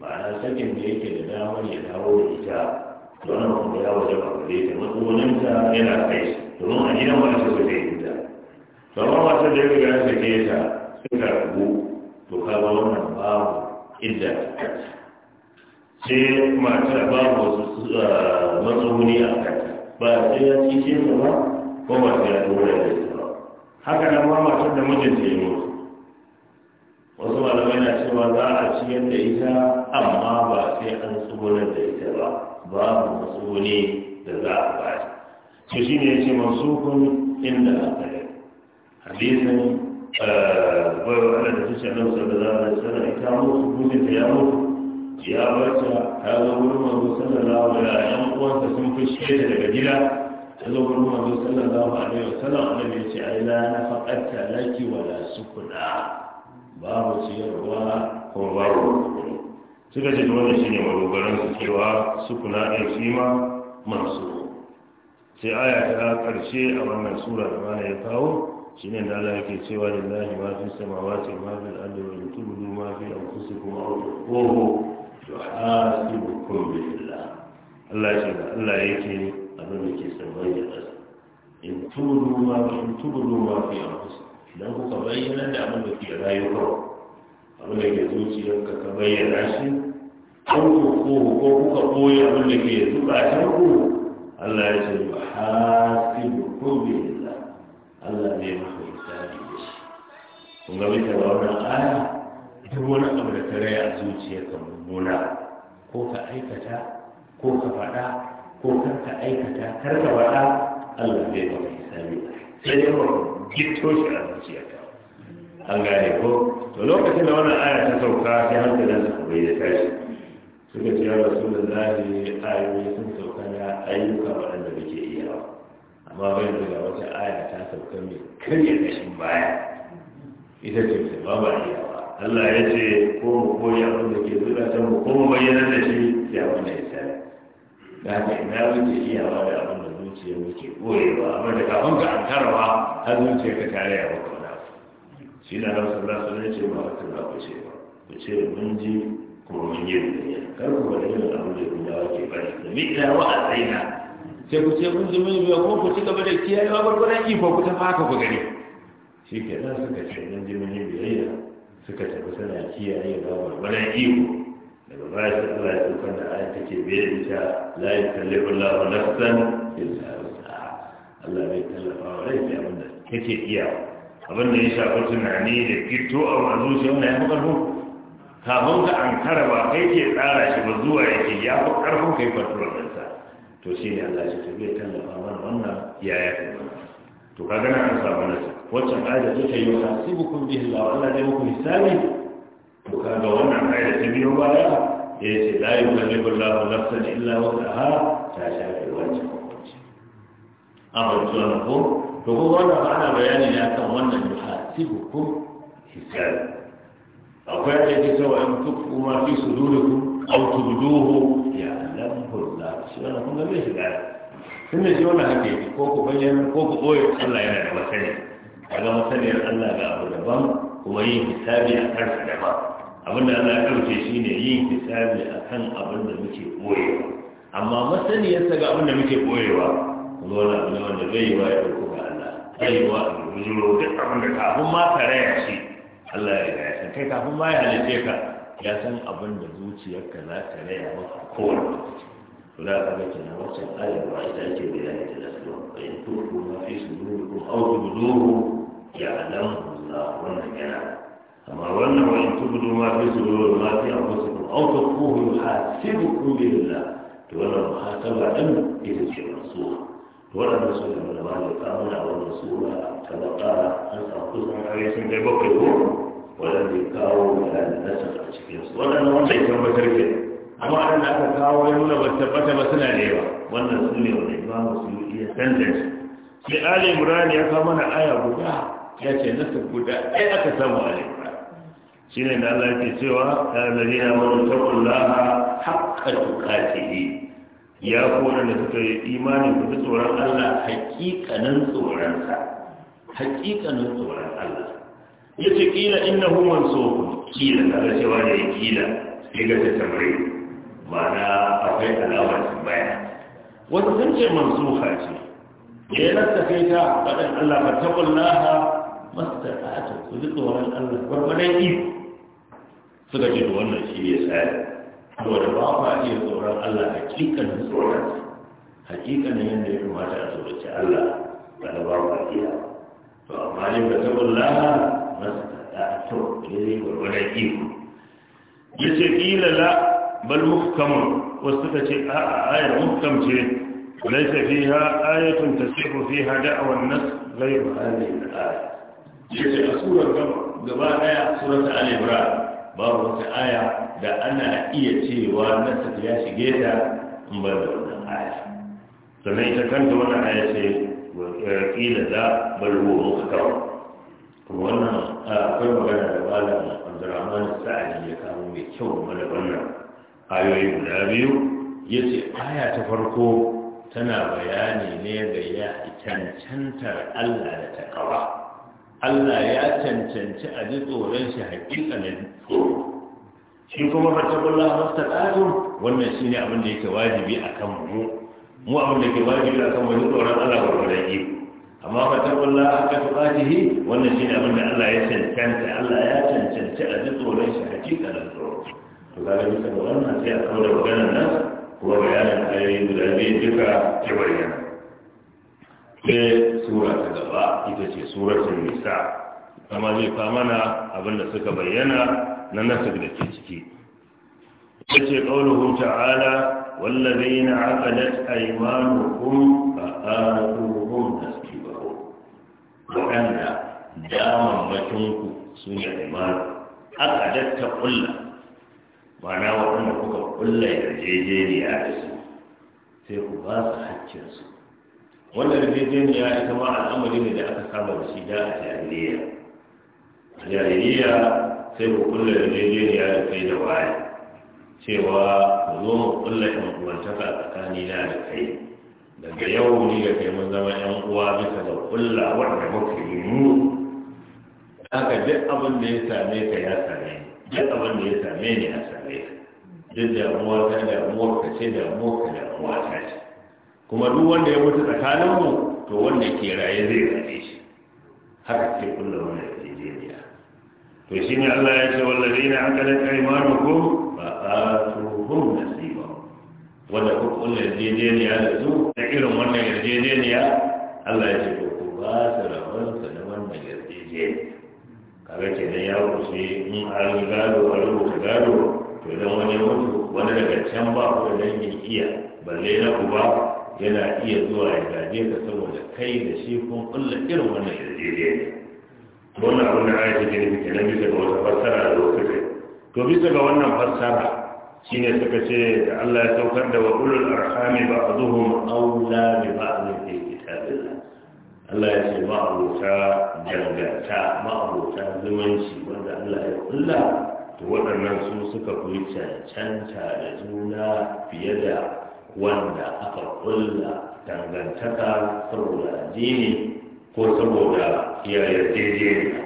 ma'ana sakin da yake da damar ya dawo da ita to ana kuma ya waje ba gare ta matsuguninta yana kai domin a gidan wani su suke yi ta to amma masu da ya gani ya sake ta suka rabu to kaga wannan babu idda sai matar babu wasu eh, matsuguni a kai ba sai ya ci ce ba ko ba sai ya tura da ita ba haka nan ma matar da mijinta ya mutu wasu malamai na cewa za a ciyar da ita amma ba sai an tsugunar da ita ba ba babu matsuguni da za a ba shi to shi ne ya ce mansukun inda aka yi hadisin bai wa ana da tushe nan sau da za a sanar ita mutu mutu ta ya mutu ya barta ta zo wurin manzo sallallahu alaihi wa sallam uwansa sun fushe ta daga gida ta zo wurin manzo sallallahu alaihi wa sallam annabi ya ce ai la nafaqatta laki wala sukuna babu ciyarwa ko babu kuɗi suka ce wanda shi ne madogaran su cewa su kuna ɗin shi ma masu sai aya ta ƙarshe a wannan sura da mana ya kawo shi ne da Allah yake cewa lillahi ma fi samawati ma fi al'adu wa yutubu ma fi anfusikum aw tuqulu yuhasibukum billah Allah shi da Allah yake abin da ke sabon da ƙasa in tubu ma in a ma idan kuka bayyana da abin da ke rayuwa abin da ke zuciyarka ka bayyana shi an ko ko kuka koyi abin da ke can ku Allah ya ce ba hasibu ko bi illa Allah ne ma ko tsari da shi kun ga bisa ga wannan aya duk wani abu da ta raya a zuciyarka mummuna ko ka aikata ko ka faɗa ko kar ka aikata kar ka faɗa Allah ne ma da shi sai dai ba gitto shi a zuciyarka an gane ko to lokacin da wannan aya ta sauka sai hankalin su bai da tashi suka ce ya su da zahi ayoyi sun sauka na ayyuka waɗanda muke iya amma bai daga wata aya ta sauka mai karya kashin baya ita ce ta ba ba iya Allah ya ce ko mu koyi abin da ke zukatan mu ko mu bayyana da shi sai abin da ya sani da haka ina muke iyawa da abin da zuciya muke koyewa amma da kafin ka an karawa har zuciya ka tare a wata wani shi na nan sallah sallah ce ba haka za ku ce ba ku ce mun ji kuma mun yi duniya kar ku bari yin abu da duniya ke ba da mi ina wa a tsaina sai ku ce mun ji mun biya kuma ku ci gaba da kiyayewa gwargwaron iko ku tafi haka ku gani shi ke nan suka ce mun ji mun yi biyayya suka tafi suna kiyayewa gwargwaron iko bashi Allah ya tukar da ayat take biye ita la yukallifu Allahu nafsan illa wus'aha Allah bai tallafa wa rai sai abinda kake iya abin da ya shafi tunani da fito a wanzu shi wannan ya fi karfin kafin ka ankara ba kai ke tsara shi ba zuwa yake ya fi karfin kai fatuwar ɗansa to shi ne Allah ya ce bai tallafa mana wannan ya ya fi to kaga na an samu nasa waccan ayat da take yi wa hasibukum bihi Allah Allah zai muku hisabi to kaga wannan ayat ta biyo baya ya ce la yi kallibin lafi nafsar illa wata ha ta shafi wancan hukunci amma zuwa na ko to ko wannan ana bayani ne akan wannan yuhasibukum hisabi akwai da ke cewa in tukfu kuma fi sudurikum aw tubduhu ya lam hulla shi wannan kun ga me shi gari tun da shi wannan hake ko ku bayyana ko ku boye Allah yana da masani kaga masaniyar Allah ga abu daban kuma yin hisabi a kansa daban abin da Allah ya karfe shi ne yin hisabi akan abin da muke koyewa amma masaniyarsa ga abin da muke koyewa zuwa na abin wanda zai yi wa ya ɗauko ga Allah zai wa a bujuro duk abin da kafin ma ka ya ce Allah ya ga ya san kai kafin ma ya halice ka ya san abin da zuciyarka za ta raya maka kowane lokaci ولا أبدا نوصل آية وأتأتي بآية الأسلوب فإن su ما في صدوركم ya alamu يعلمه wannan yana kamar wannan wa in tubudu ma fi sudur ma fi anfusikum aw tuquhu yuhasibukum billah to wannan muhasaba din ita ce mansuha to wannan su ne da malai kamuna a wannan sura ta baqara an samu kusan ayoyi sun kai bakwai ko wannan bai kawo bayanin nasar a cikin su wannan wanda ya tabbatar ke amma waɗanda aka kawo ya nuna ba tabbata ba suna da yawa wannan su ne wani ba mu su iya tantance sai ali imran ya kawo mana aya guda ya ce nasar guda ɗaya aka samu ali shi ne da Allah yake cewa ta zari na manu taɓun laha haƙƙa tukatihi ya kone da suka yi imanin ku tsoron Allah haƙiƙanin tsoronsa haƙiƙanin tsoron Allah ya ce ƙila inna human so ƙila na da cewa da ya ƙila sai ga ta tamari na akwai alamar baya. wata sun ce mansuha ce ya yi rasta kai ta faɗin Allah ba taɓun laha masu ta'atu ku ji tsoron Allah gwargwadon iko suka ce da wannan shi ya tsaya saboda ba ma iya tsoron Allah hakikanin tsoron hakikanin yadda ya kamata a tsoraci Allah ba da ba ma iya to amma ne ba sabon laha masu ta a kyau da zai gwargwadon iko ya ce ƙila la bal muhkamun wasu suka ce a a ayar muhkam ce laisa fiha ayatun tasihu fiha da'awan nas ghayr hadhihi al-aya yace a surar gaba daya surat al-imran babu wata aya da ana iya cewa nasa ya shige ta in ba da wannan aya sannan ita kanta wannan aya ce ƙila eh, za balwo muka kawo kuma wannan ah, akwai magana da malam abdurrahman sa'adi ya kawo mai kyau mana wannan ayoyi guda biyu ya ce aya ta farko tana bayani ne da ya cancantar allah da ta kawa Allah ya cancanci a ji tsoron shi haƙiƙanin tsoro shi kuma fatakun lafarta ƙazo wannan shi ne abin da yake wajibi a kan mu mu abin da ke wajibi a kan wani tsoron Allah wa yi. amma fatakun lafarta ƙazihi wannan shi ne abin da Allah ya cancanci. Allah ya cancanci a ji tsoron shi haƙiƙanin tsoro to ga bisa ga wannan sai a kawo da maganar nan kuma bayanin ayoyi guda biyu duka ke bayyana sai sura ta gaba ita ce suratun nisa amma zai famana da suka bayyana na nasar da ke ciki ce ƙaunuhu ta'ala wallazi na aqadat da fa atuhum nasibahum wa'anda damammakin ku sun yi aymanu aqadat ta kulla ma'ana waɗanda kuka kulla yarjejeniya da su sai ku ba su haƙƙinsu wannan yarjejeniya ita ma al'amari ne da aka saba da shi da a a jariya sai mu kulla yarjejeniya da kai da waye cewa mu zo mu kulla yan uwantaka a tsakani na da kai daga yau ni da kai mun zama yan uwa bisa ga kulla wanda muka yi mu haka duk abin da ya same ka ya same ni duk abin da ya same ni ya same ka duk damuwa ta damuwa ka ce damuwa ka damuwa ta ce kuma duk wanda ya mutu tsakaninmu to wanda ke raye zai gaje shi haka ke kulla wannan yarjejeniya to shi ne Allah ya ce wallazi na akalar kaimanu ko ba a nasi nasiba wanda ku kulla yarjejeniya da su da irin wannan yarjejeniya Allah ya ce ko ba su rabansa da wannan yarjejeniya kaga kenan ya wuce in an gado a rubuta gado to idan wani mutu wani daga can ba ku da dangin iya balle na ba? yana iya zuwa ya gaje ka saboda kai da shi kun kulla irin wannan yarjejeniya wannan abin da aisha ke nufi kenan bisa ga wata fassara da wasu kai to bisa ga wannan fassara shine suka ce da Allah ya saukar da wa ulul arhami ba'dhum awla bi ba'd fi kitabillah Allah ya ce ma'abuta danganta ma'abuta zumunci wanda Allah ya kulla to waɗannan su suka fi cancanta da juna fiye da wanda aka kulla dangantaka saboda addini ko saboda iyayen jejeniya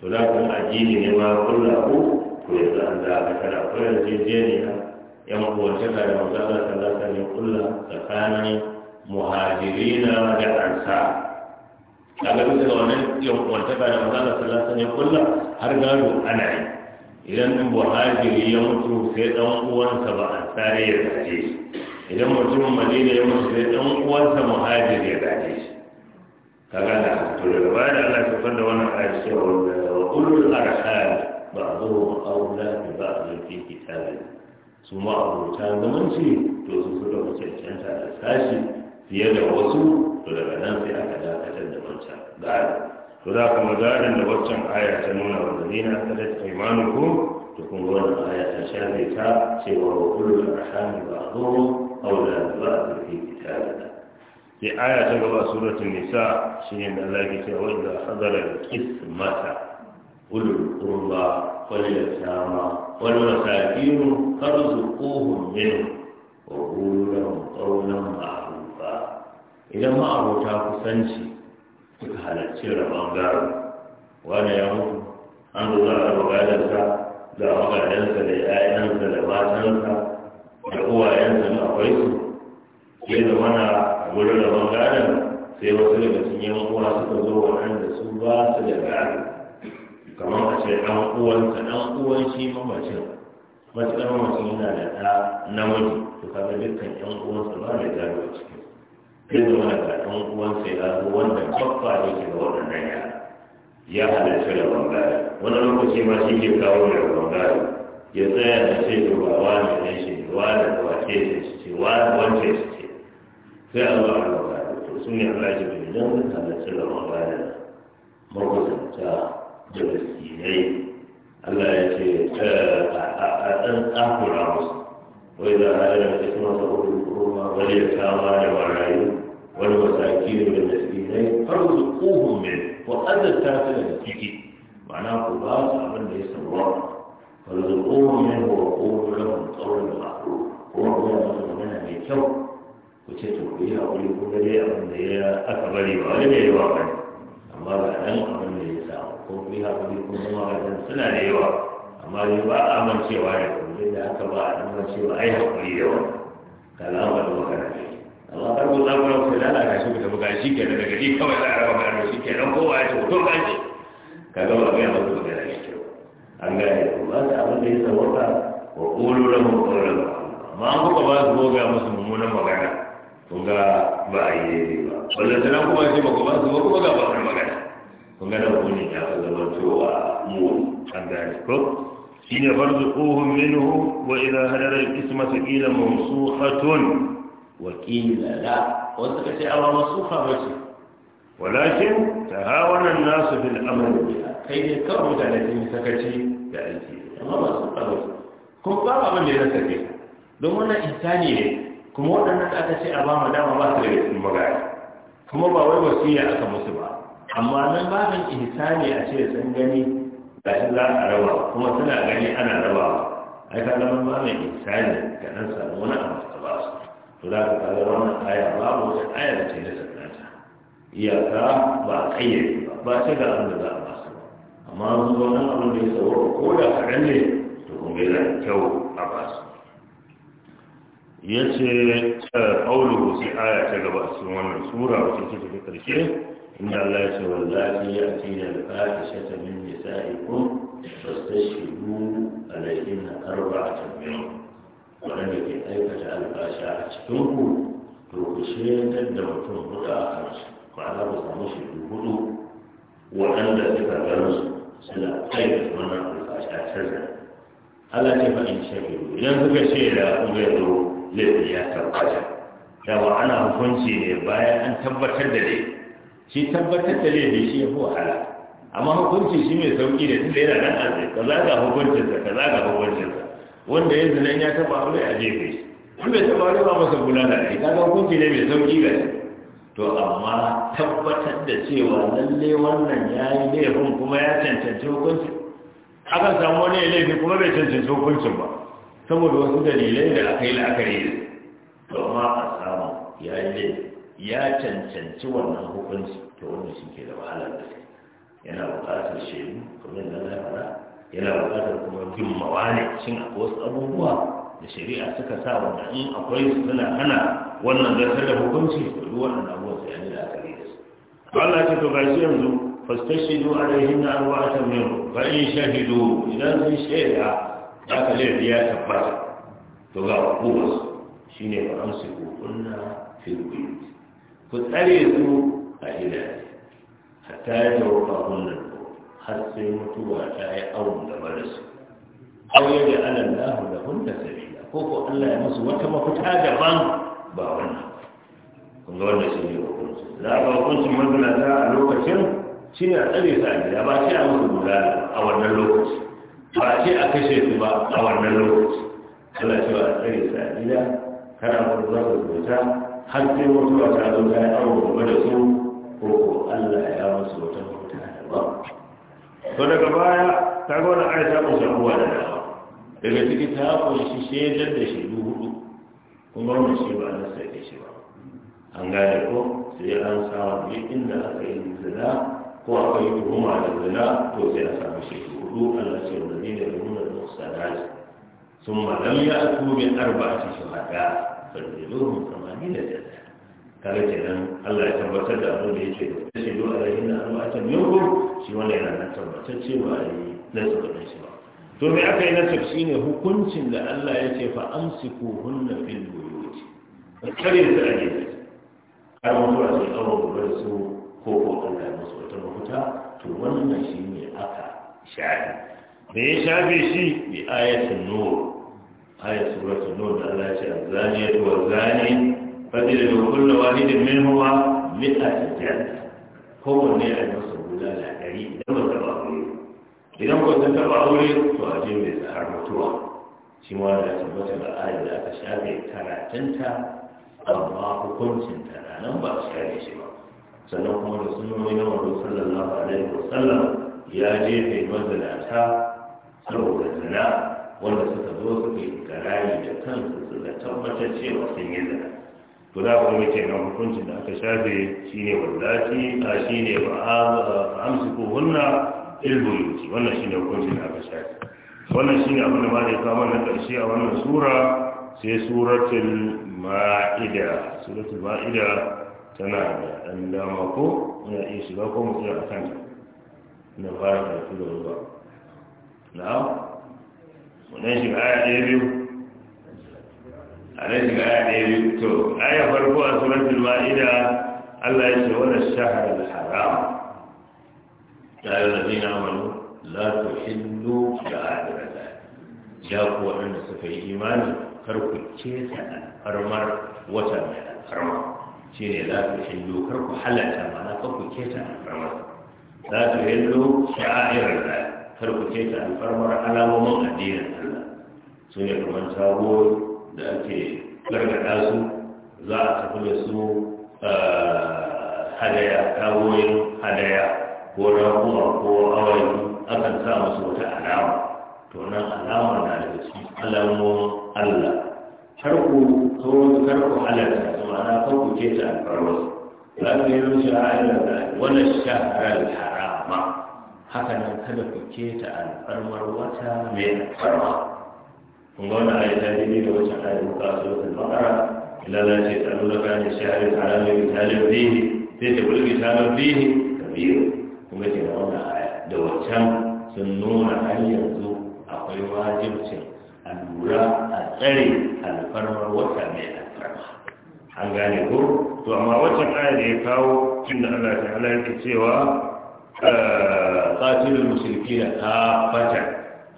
to za ku addini ne ma kulla ku to yanzu an za a kada kulla jejeniya yan kuwantaka da mazala sallata ne kulla tsakanin muhajirina da ansa a ga duka wannan yan kuwantaka da mazala sallata ne kulla har gado ana yi idan muhajiri ya mutu sai dan uwansa ba a tsare ya zaje shi idan mutumin madina ya mutu sai ɗan uwansa muhajir ya gaje shi kaga da to daga baya da Allah ya da wannan ayat cewa wa ulul arham ba'dhum awla bi ba'd fi kitabi su ma zaman zamanci to su suka fi cancanta da sashi fiye da wasu to daga nan sai aka dakatar da wancan gari to za kuma garin da waccan aya ta nuna wa zalina kadat imanukum to kuma wannan aya ta shafe ta cewa wa ulul arham ba'dhum في آية تقوى سورة النساء شيء الله وإذا حضر القسمة أولو القربى واليتامى والمساكين فارزقوهم منه وقولوا لهم قولا معروفا إذا ما أعطاك كسنشي تكهل halarci rabon gado wani ya mutu an لا za a raba gadarsa ga uwayensa na akwai su ke da mana wurin rabon gadon sai wasu daga cikin yan uwa suka zo waɗanda su ba su da gado kamar a ce ɗan ka ɗan uwan shi mamacin matuƙar mamacin yana da ɗa namiji to kaga dukkan yan uwansa ba da gado a cikin ke da mana ga ɗan sai ya zo wanda kwakwa ne ke da waɗannan yara ya halarci rabon gadon wani lokaci ma shi ke kawo da rabon ya tsaya da ce da ba ne ne shi ce wani da wace ce su ce wani wance su ce sai a zuwa da magana to su ne Allah ji bai don ka halarci da magana makusanta da miskinai Allah ya ce eh, a ɗan tsakura musu wai za a yi da cikin wata hudu kuma wani ya kama da marayu wani masaki da miskinai har su kuhun mai wa azarta su daga ciki ma'ana ku ba su abin da ya samuwa فارزقوهم منه وقولوا لهم قولا معروفا وهو مغنى بكو وتتوا بها ويقول لي أن هي أكبر وأولي واقعي أما بعدين أمن لي ساعة بها ويقول ما بعدين سنة لي amma dai ba a amincewa ya kuma da haka ba a amincewa ai haƙuri da wani kalamar da magana ne amma har ko zamu rabu da Allah shi da buga shi kenan daga shi kawai za a raba shi kenan kowa ya ce to ka ce kaga ya mutu magana ne an gane ku ba da abin da ya sawaka wa ƙulu lahu ƙaunar amma an kuka ba su goga musu mummunan magana kun ga ba a yi daidai ba wallata nan kuma ce ba ku ba su goga ba su magana kun ga da kuni ya fi zama cewa mu an gane ko shi ne farzuquhum minhu wa idha hadara al-qismatu qila mawsuhatun wa qila la wasu kace awa masuha bace walakin tahawara an-nasu bil amali biha kai ne kan mutane sun yi sakaci da aiki amma ba su tsaro kuma ba abin da ya rasa don wani insani ne kuma waɗannan da aka ce a ba mu dama ba su da sun magana kuma ba wai wasiya aka musu ba amma nan babin insani a ce sun gani ga shi za a raba kuma suna gani ana raba ai ka zama babin insani ga nan samu wani abu ba su to za ka kaga wannan aya babu wata aya da ce da sakata iyaka ba a kayyade ba ba ce ga abin da za a amma an zo nan abin da ya sauro ko da kaɗan ne to kuma yana da kyau a basu ya ce ƙaunar shi aya ta gaba a cikin wannan sura wacce ce fi ƙarshe inda Allah ya ce wallahi ya ce ya ka ta min nisa'ikum fastashidu alaihin arba'atan minkum waɗanda ke aikata albasha a cikin ku to ku shaidar da mutum huɗu a kansu za ku samu shi hudu waɗanda suka gano su suna kai da a alfasha da. Allah ce fa in shakiru idan suka ce da kuma ya zo zai ya tabbata yawa ana hukunci ne bayan an tabbatar da dai. shi tabbatar da laifi shi ya fi wahala amma hukunci shi mai sauki da tunda yana nan arzai ka za ga hukuncinsa ka za ga hukuncinsa wanda yanzu nan ya taba aure a jefe shi in bai taba aure ba masa bulala ne ka ga hukunci ne mai sauki ga shi to amma tabbatar da cewa lalle wannan ya yi laifin kuma ya cancanci hukuncin akan samu wani laifi kuma bai cancanci hukuncin ba saboda wasu dalilai da aka yi la'akari da to amma a samu ya yi laifi ya cancanci wannan hukunci to wanda shi ke da wahalar da yana buƙatar shaidu kamar faɗa yana buƙatar kuma bin mawane cin akwai wasu abubuwa da shari'a suka sa wanda in akwai su suna hana wannan zartar da hukunci duk wannan abuwa sai an yi la'akari da su to Allah ce to gashi yanzu fastashidu alaihin na arba'atan min ba in shahidu idan sun shaida aka laifi ya tabbata to ga hukumar shine fa amsiku kunna fil buyut ku tsare su a gidaje hatta ya tawaffa kunnan har sai mutuwa ta yi awon gaba da su aure da alallahu da hunta sabi ko ko Allah ya musu wata mafita daban ba wannan kun ga wannan shi ne hukunci za a ba hukuncin mazalata a lokacin shi ne a tsare sa gida ba shi a musu guda a wannan lokaci ba shi a kashe su ba a wannan lokaci Allah ce ba a tsare sa gida kana mutu za su zuta har sai mutuwa ta zo ta yi awo gaba da su ko ko Allah ya musu wata mafita daban to daga baya ta gwada aisha musu abuwa da daga ciki ta kunshi shaidar da shaidu hudu kuma wani shi ba na sake shi ba an gane ko sai an samu duk inda aka yi zina ko aka yi tuhuma da zina to sai a samu shaidu hudu Allah ce wanda ne da nuna da musalati sun malam ya aku min arba'ati da fadiluhum samanina kare ke nan Allah ya tabbatar da abin da yake da shaidu alaihi na arba'atan minhum shi wanda yana tabbatar cewa yi nasabar shi ba to me aka yi nasab ne hukuncin da Allah ya ce fa amsiku hunna fil buyut kare su a gefe har mutuwa sai awa gobe su ko ko Allah ya musu wata mafuta to wannan shi ne aka shafi me ya shafe shi bi ayatin nur ayat suratul nur da Allah ya ce zaniyatu wa zani fadilu kullu wahidin minhuma mi'at jan kowanne a masa bulala dari idan idan ko ta taba aure to a je mai tsahar mutuwa shi ma da tabbata da ayat da aka shafe karatunta amma hukuncin ta na nan ba su kare shi ba sannan kuma da sunnoni na wanda sallallahu alaihi wa sallam ya jefe mazinata saboda zina wanda suka zo suka yi da kansu suka tabbatar cewa sun yi zina to da kuma yake hukuncin da aka shafe shine wallahi a shine ba amsu ko hunna ilbuyuti wannan shi ne hukuncin da aka shafi wannan shi ne abin da ba da ya kawo na ƙarshe a wannan sura sai suratul ma'ida suratul ma'ida tana da ɗan dama ko muna iya shiga ko mu tsaya a kanta na fara karatu da ruwa na wannan shiga aya ɗaya biyu to a farko a يكتب ma'ida Allah ya ce الله shahar الشهر الحرام ya yi rabi na amanu la to hindu da ahirata ya ku waɗanda suka yi imani kar ku kesa alfarmar wata mai alfarma shi ne la to hindu kar ku halatta mana kar ku kesa alfarmar la to hindu sha'airar da kar ku kesa alfarmar alamomin addinin Allah su ne kamar da ake gargaɗa su za a da su hadaya hadaya ko raƙuwa ko awayi akan sa masu wata alama to nan alama na da cikin alamomin Allah karku sauran karku halarta su ma'ana karku ke ta alfarwas za ne yi rushe ha'ayar da wani shaharar harama haka nan kada ku ke ta alfarmar wata mai alfarma kun ga wani ayat ta daidai da wacce ayat muka so ta bakara ila la ce ta ne kan shaharar harama mai talib bihi sai ta bulbi talib bihi kabiru kuma ke wannan aya da waccan sun nuna har yanzu akwai wajibcin a lura a tsare alfarmar wata mai alfarma an gane ko to amma waccan aya da ya kawo cin da Allah ta ala yake cewa eh, qatilul mushrikina kafatan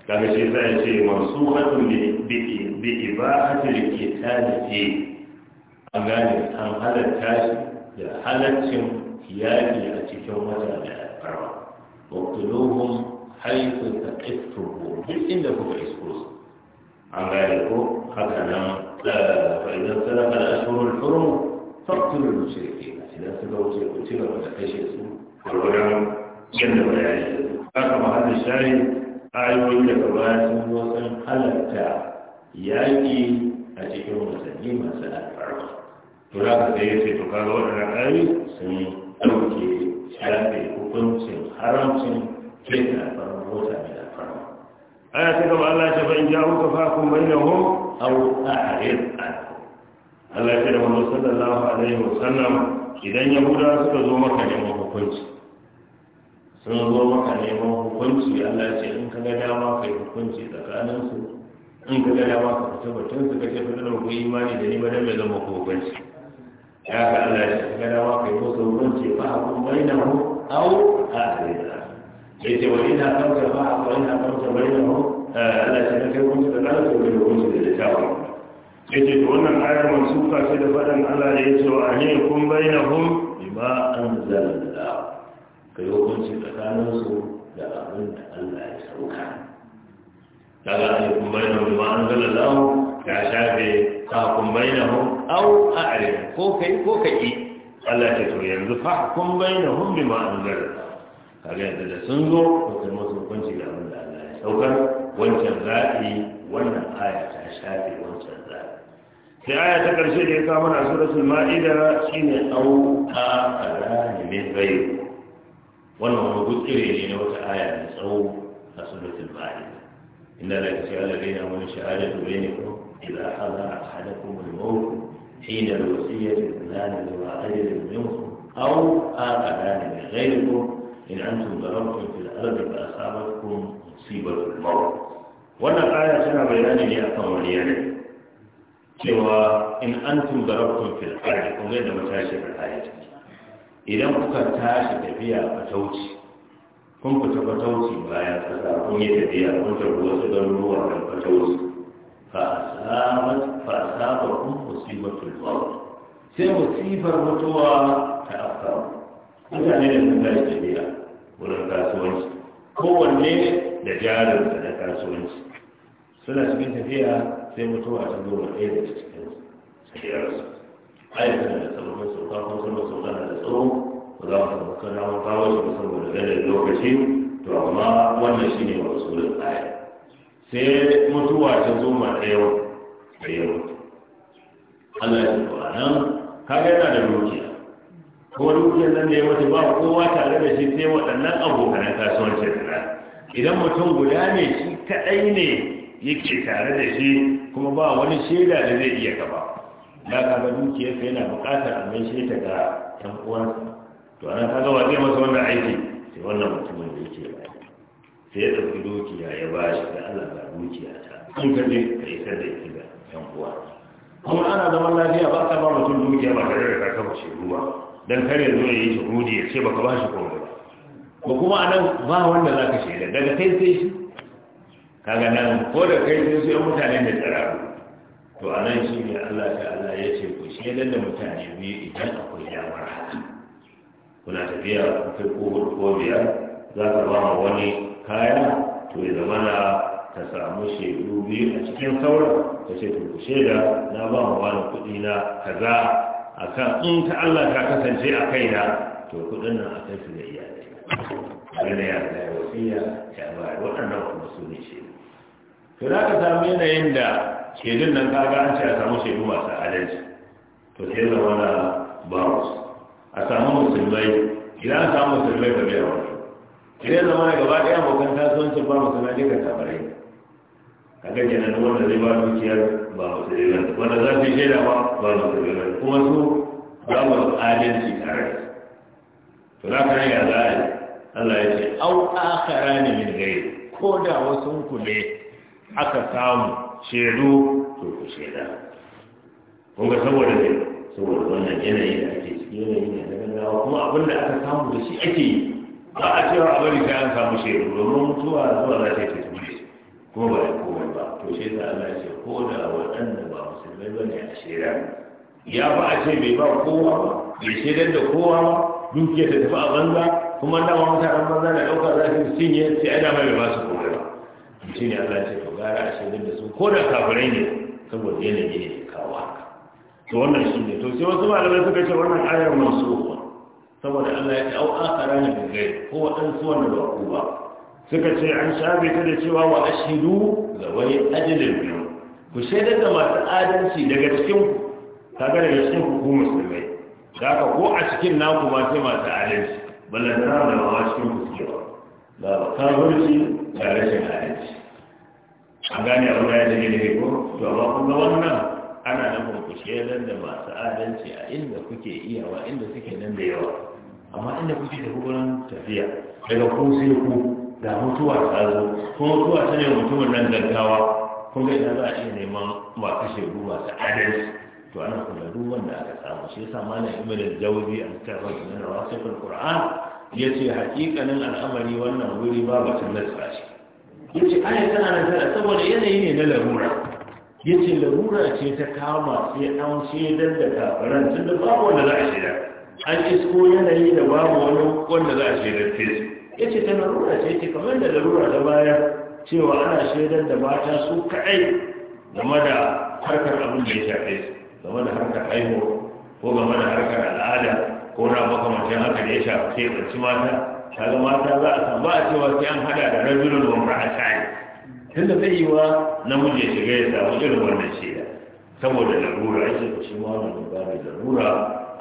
kaga shi sai ya ce mansukhatun bi bi ibahatil qitali an gane an halatta shi da halaccin yaƙi a cikin wata waktuluhum haifu ta ƙiftuhu duk inda kuka isko su an gane ko haka nan fa'idan sadaka da ashurul hurum faktulul mushriki idan suka wuce ku ci gaba da kashe su a wurin yadda bayani haka mahallin shari ayoyi daga baya sun zo sun halatta yaƙi a cikin watanni masu alfarma to za ka sai to kaga waɗannan ayoyi sun ɗauke shafe hukuncin haramcin keta alfarma mota mai alfarma aya ta gaba Allah ce bayan jawo ka fakun a aw a anhu Allah ya ce da manzo sallallahu alaihi wasallam idan yahuda suka zo maka neman hukunci sun zo maka neman hukunci Allah ya ce in ka ga dama yi hukunci tsakaninsu in ka ga dama ka fita batun su kace fa da ku imani da ni ba dan me zama hukunci ya ga Allah ya shiga da wa kai musu hukunci ba a kun bayyana mu au a akhirina sai ce wani na kauce ba a wani na kauce bayyana mu eh, Allah ya shiga kai hukunci da Allah ya shiga hukunci da littafin sai ce wannan ayar suka ce da faɗin Allah da ya ce wa ne kun bayyana hum bima anzalallah kai hukunci su? da abin da Allah ya sauka daga ne kun bayyana hum bima anzalallah ka shafe hakun Au aw a'rid ko kai ko kai Allah ce to yanzu fahkum bainahum bima anzal kaga yanzu da sun zo to kai musu hukunci da abin da Allah ya saukar wancan zaɓi wannan aya ta shafe wancan zaɓi sai aya ta ƙarshe da ya kawo mana suratul ma'ida shine au aw a'rid min ghayr wannan wani gutsire ne na wata aya mai tsawo a suratul ma'ida إن لا يجعل بين من شهادة بينكم إذا حضر أحدكم الموت حين الوصية اثنان ذوى أجل منكم أو آخران من غيركم إن أنتم ضربتم في الأرض فأصابتكم مصيبة الموت wannan aya tana bayani ne akan wani yanayi cewa in antum darabtum fil ardi kuma yadda matashi da aya idan kuka tashi tafiya a tauci kun fita fatauci bayan kasa kun yi tafiya kun tarbi wasu Ba don fatauci fasaba kun musibatul maut sai sifar mutuwa ta afka mutane da sun tashi tafiya wurin kasuwanci kowanne da jarinsa na kasuwanci suna cikin tafiya sai mutuwa ta zo ɗaya da cikin tafiyarsu ayyukan da sauran sauka ko sauran sauka na da tsoro ba za mu samu kana mu kawo shi saboda ganin lokaci to amma wannan shine masulun aya sai mutuwa ta zo ma ta yau da yau Allah ya tafi nan kaga yana da dukiya ko dukiyar nan da ya mutu ba kowa tare da shi sai waɗannan abokan kasuwancin da idan mutum guda ne shi kaɗai ne yake tare da shi kuma ba wani shaida da zai iya gaba ya kaga dukiyarsa yana buƙatar amince ta ga ɗan uwansa to ana kaga wa zai masa wannan aiki sai wannan mutumin da yake ba sai ya ɗauki dukiya ya ba shi da Allah ga dukiya ta in ka je ka isar da ita ga yan uwa kuma ana zaman lafiya ba ka ba mutum dukiya ba tare da ka kafa shi ruwa dan kare zo ya yi shuhudi ya ce baka ba shi komai ba ko kuma nan ba wanda za ka shaida daga kai sai shi kaga nan ko da kai sai sai mutane da tsararru to anan shi ne Allah ta'ala ya ce ku shaidar da mutane biyu idan akwai damar haka kuna tafiya kai ko hudu ko biyar za ka ba ma wani kaya to ya zama na ta samu shaidu biyu a cikin sauran ta ce to shaida na ba ma wani kuɗi na kaza akan in ta Allah ta kasance a kaina to kuɗin nan a kai su da iyalai wani ya da wasiya ya ba waɗannan kuma su ne ce to za ka samu yanayin da shaidun nan kaga an ce a samu shaidu masu adalci to sai zama na ba wasu a samu musulmai idan a samu musulmai ba biya wani idan zama na gaba ɗaya abokan kasuwancin ba musulmai duka a kaga kenan wanda zai ba dukiyar ba musulmai wanda za su shaida ba ba musulmai kuma su ba mu adalci tare to za ka ya za a yi Allah ya ce au akara ne min gai ko da wasu ku ne aka samu shaidu to ku shaida kun ga saboda ne saboda wannan yanayi da ake ciki yanayi ne na gaggawa kuma abin da aka samu da shi ake yi ba a cewa a bari sai an samu shehu domin mutuwa zuwa za ta yi Kuma ba da komai ba to shi yasa Allah ya ce ko da waɗanda ba musulmai ba ne a shaida ya ba a ce bai ba kowa ba bai shaidar da kowa ba dukiya ta tafi a banza kuma dama mutanen banza da ɗauka za su cinye sai a dama bai ba su komai ba shi ne Allah ya ce to gara a shaidar da su ko da kafirai ne saboda yanayi ne to wannan shi ne to sai wasu malamai suka ce wannan ayar mansuwa saboda Allah ya ce au akara ne gai ko waɗansu wanda ba ku ba suka ce an shafe ta da cewa wa ashidu ga wani ajalin biyu ku shaidar da masu adalci daga cikin ku kaga daga cikin ku ku musulmai da haka ko a cikin naku ma sai masu adalci ballan da ma cikin ku suke ba da ba kafirci da rashin adalci An gane abu ya dage ne ko to amma kun wannan ana nufin ku shelar da masu adalci a inda kuke iyawa inda suke nan da yawa amma inda kuke da wurin tafiya daga ku sai ku da mutuwa ta zo ko mutuwa ta ne mutumin nan gaggawa kun ga idan za a iya neman masu shaidu masu adalci to ana kula duk wanda aka samu shi yasa malam ibnu jawzi an karba da rasul qur'an yace haƙiƙanin al'amari wannan wuri ba batun nasa shi yace ayatan nan tana saboda yanayi ne na larura ya ce larura ce ta kama sai an shaidar da kafiran tun da babu wanda za a shaidar an isko yanayi da babu wani wanda za a shaidar fesu ya ce ta larura ce ce kamar da larura ta baya cewa ana shaidar da mata su kaɗai game da harkar abin da ya shafe su game da harkar haihuwa ko game da harkar al'ada ko na makamashin haka da ya shafe tsanci mata kaga mata za a san ba a cewa sai an hada da rajulun wa mar'atani tunda zai yi wa namiji ya shiga ya samu irin wannan shaida saboda larura ya ce shi ma wannan ba mai larura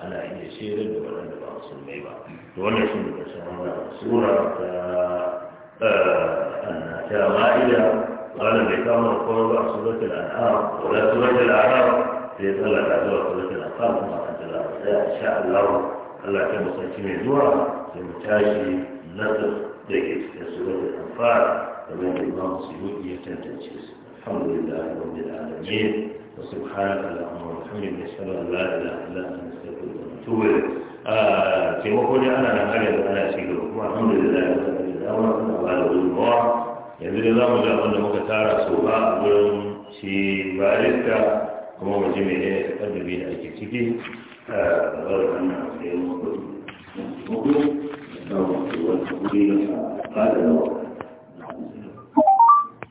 ana iya shaidar da waɗanda ba su mai ba Da wannan shi ne ƙarshen wannan sura ta eh, annata ma'ida wannan bai kama da kowa ba a suratul an'am wala suratul arab sai tsalla ta zuwa suratul anfal kuma an tsalla ba sai insha Allah Allah ta musanci mai zuwa sai mu tashi nasar da ke cikin suratul anfal kamar da imam suyuti ya tantance su alhamdulillah rabbil alamin wa subhanaka allahumma wa bihamdika ashhadu an la ilaha illa anta astaghfiruka wa atubu ilayk a taimako ne ana da har da ana ci gaba kuma alhamdulillah da zama da dama da ba da gudunmawa yanzu da zamu ga wanda muka tara so ba a gurin shi barista kuma mu ji menene takaddabi da ake ciki a bar wannan sai mu gudu mu da wani wani gudu da ta da